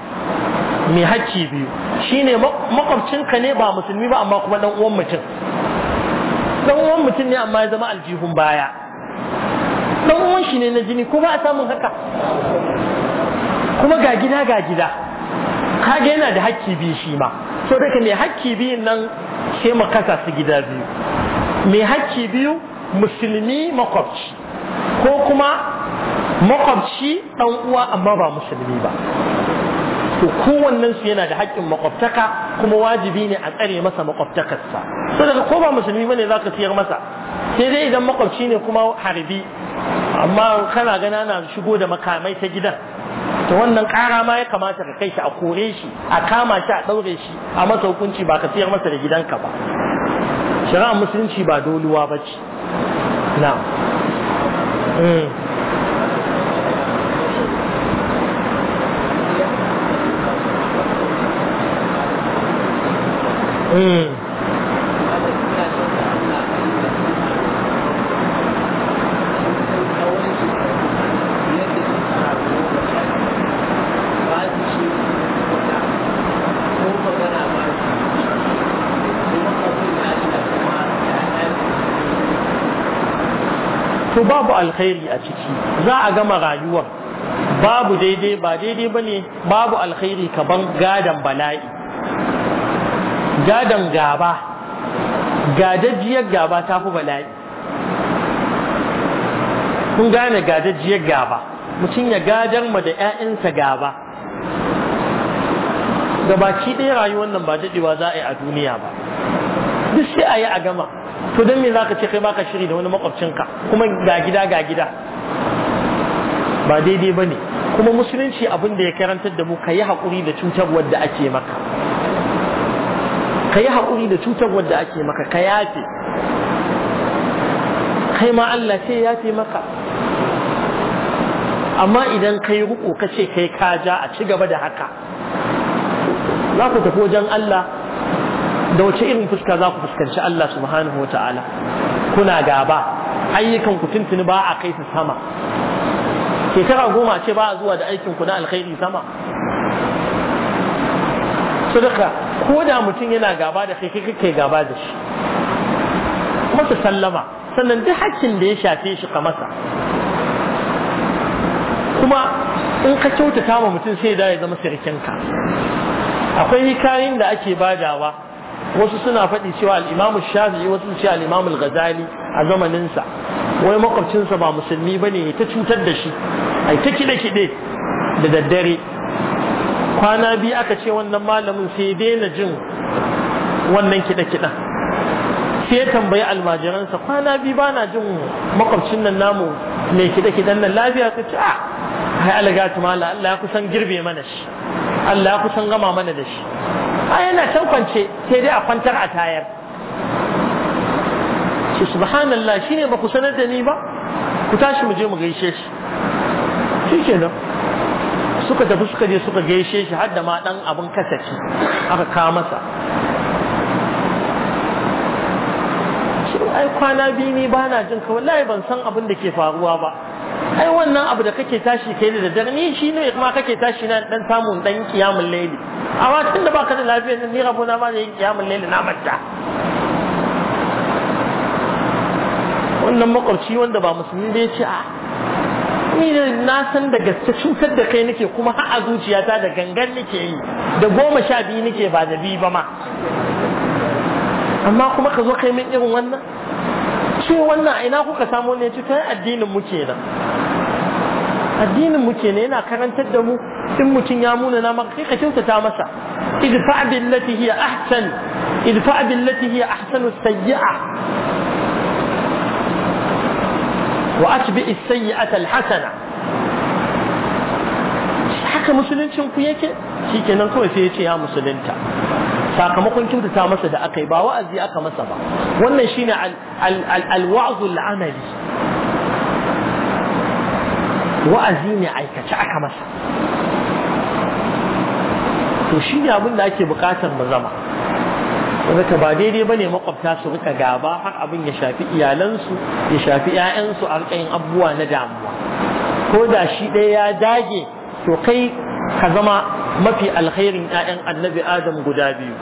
mai hakki biyu shi shine makwabcinka ne ba musulmi ba amma kuma ɗan'uwan uwan mutum ɗan'uwan uwan mutum ne amma ya zama aljihun baya ɗan'uwan uwan shi ne na jini ko ba a samun haka kuma ga gida ga gida kage yana da hakki biyu shi ma so daga mai hakki biyun nan sai mu kasa su gida biyu mai hakki biyu musulmi makwabci ko kuma makwabci dan uwa amma ba musulmi ba to kowannen su yana da haƙƙin makwabtaka kuma wajibi ne a tsare masa makwabtakarsa so daga ko ba musulmi bane zaka siyar masa sai dai idan makwabci ne kuma harbi amma kana gana na shigo da makamai ta gidan to wannan ƙara ma ya kamata ka kai shi a kore shi a kama shi a ɗaure shi a masa hukunci ba ka siyar masa da gidanka ba shari'ar musulunci ba doluwa ba ce na Mm. mm. alkhairi a ciki za a gama rayuwar babu daidai ba daidai ba ne babu alkhairi kaban gadan bala'i gadan gaba gadajiyar gaba ta fi bala'i kun gane gadajiyar gaba mutum ya gadar ma da 'ya'yansa gaba gabaki ɗaya rayuwar nan ba daɗewa za a yi a duniya ba duk sai a yi a gama to don me za ka ce kai baka shiri da wani makwabcinka kuma ga gida ga gida ba daidai ba ne kuma musulunci abin da ya karantar da mu ka yi haƙuri da cutarwar da ake maka ka yi haƙuri da cutarwar da ake maka ka yafe kai ma Allah sai yafe maka amma idan kai ruko kace kai ka ja a ci gaba da haka za ku tafi wajen Allah da wace irin fuska za ku fuskanci Allah subhanahu wa ta'ala kuna gaba ayyukan ku tuntuni ba a kai su sama shekara goma ce ba a zuwa da aikin ku na alkhairi sama sadaka ko da mutum yana gaba da kai kai gaba da shi masa sallama sannan duk hakkin da ya shafe shi ka masa kuma in ka kyautata ma mutum sai da ya zama sirkinka akwai kayan da ake badawa wasu suna faɗi cewa al’imamu shafi Shafi'i wasu ce al’imamu gazali a zamaninsa. wai makwabcinsa ba musulmi ba ne ta cutar da shi a ta kide kide da daddare kwana biyu aka ce wannan malamin sai daina jin wannan kide kidan sai ya tambayi almajiransa kwana biyu na jin makwabcin nan namu mai kide kidan nan lafiya ta ce a ah, ai mala Allah ya kusan girbe mana shi Allah ya kusan gama mana da shi a yana can kwance sai dai a kwantar a tayar shi subhanallah shine ba ku sanar da ni ba ku tashi mu je mu gaishe shi shi nan suka tafi suka je suka gaishe shi har da ma dan abin kasashe aka kawo masa ai kwana biyu ni ba na jin ka lai ban san abin da ke faruwa ba ai wannan abu da kake tashi kai da daddare ni shi ne kuma kake tashi na dan samun dan kiyamul layli amma da baka da lafiya ne ni rabo na ba yin kiyamul laili na matta. wannan makwabci wanda ba musulmi bai ce a ah, ni na san da gaske cutar da kai nake kuma har a zuciyata da gangan nake yi da goma sha biyu nake ba da biyu ba ma amma kuma ka zo kai min irin wannan ce wannan ina kuka samu ne ce kai addinin mu kenan addinin mu kenan yana karantar da mu in mutun ya muna na maka sai ka kyautata masa idfa billati hiya ahsan idfa billati hiya ahsanu sayyi'a wa atbi as-sayyi'ata al-hasana haka musuluncin ku yake shikenan kawai sai ya ce ya musulunta sakamakon kyautata masa da aka yi ba wa'azi aka masa ba wannan shine al-wa'zul amali wa'azi ne aikace aka masa to shi ne abin da ake bukatar mu zama saboda ba daidai ba ne makwabta su rika gaba har abin ya shafi iyalansu ya shafi 'ya'yansu a rika yin abubuwa na damuwa ko da shi ɗaya ya dage to kai ka zama mafi alkhairin 'ya'yan annabi adam guda biyu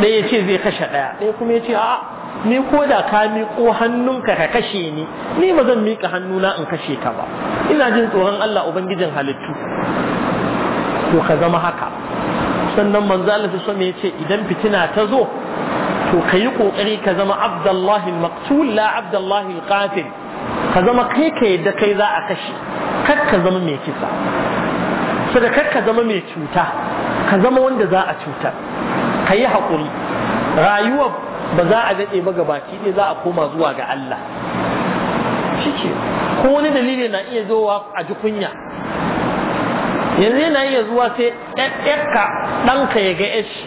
ɗaya ce zai kashe ɗaya ɗaya kuma ya ce a'a ni ko da ka miƙo hannunka ka kashe ni ni ba zan miƙa hannuna in kashe ka ba ina jin tsoron Allah ubangijin halittu to ka zama haka sannan manzo Allah ya ce idan fitina ta zo to ka yi ƙoƙari ka zama abdullahi al-maqtul la abdullahi qatil ka zama kai ka yadda kai za a kashe kakka zama mai kisa sada kakka zama mai cuta ka zama wanda za a cutar ka yi haƙuri rayuwa ba za a daɗe ba gabaki ne za a koma zuwa ga Allah shi ce ko wani dalili na iya zowa a ji yanzu yana iya zuwa sai ɗanka ɗanka ya ga yashi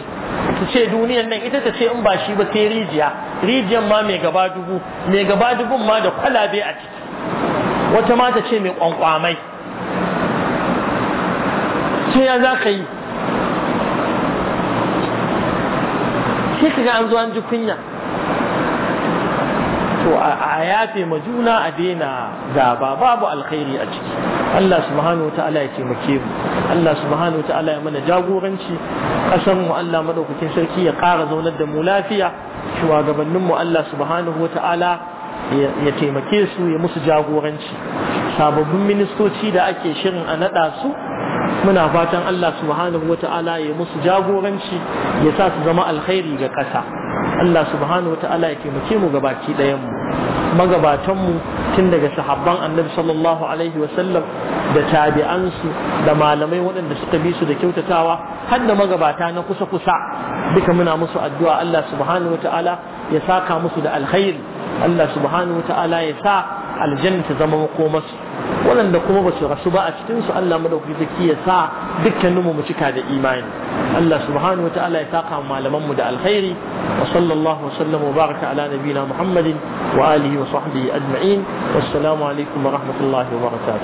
ta ce duniyar nan ita ta ce in ba shi ba sai rijiya rijiyar ma mai gaba dubu mai gaba dubun ma da kwalabe a ciki wata mata ce mai kwankwamai ce ya za ka yi sai ka ga an zo an ji kunya to a yafe ma juna a daina gaba babu alkhairi a ciki Allah subhanahu ta'ala ya taimake mu Allah subhanahu ta'ala ya mana jagoranci kasar mu Allah madaukakin sarki ya ƙara zaunar da mu lafiya shugabanninmu mu Allah subhanahu ta'ala ya taimake su ya musu jagoranci sababbin ministoci da ake shirin a naɗa su muna fatan Allah subhanahu wa ta'ala ya musu jagoranci ya sa su zama alkhairi ga ƙasa Allah subhanahu wa ta'ala ya taimake mu gabaki ɗayan mu magabatan mu tun daga sahabban annabi sallallahu alaihi wa sallam da tabi'ansu da malamai waɗanda suka bi su da kyautatawa har da magabata na kusa kusa duka muna musu addu'a Allah subhanahu wa ta'ala ya saka musu da alkhairi Allah subhanahu ta'ala ya sa aljanna ta zama makomasu waɗanda kuma ba su rasu ba a cikin su Allah madauki zaki ya sa dukkaninmu mu cika da imani Allah subhanahu ta'ala ya saka malaman mu da alkhairi wa sallallahu wa baraka ala nabiyina Muhammadin wa alihi wa sahbihi ajma'in wassalamu alaikum wa rahmatullahi wa barakatuh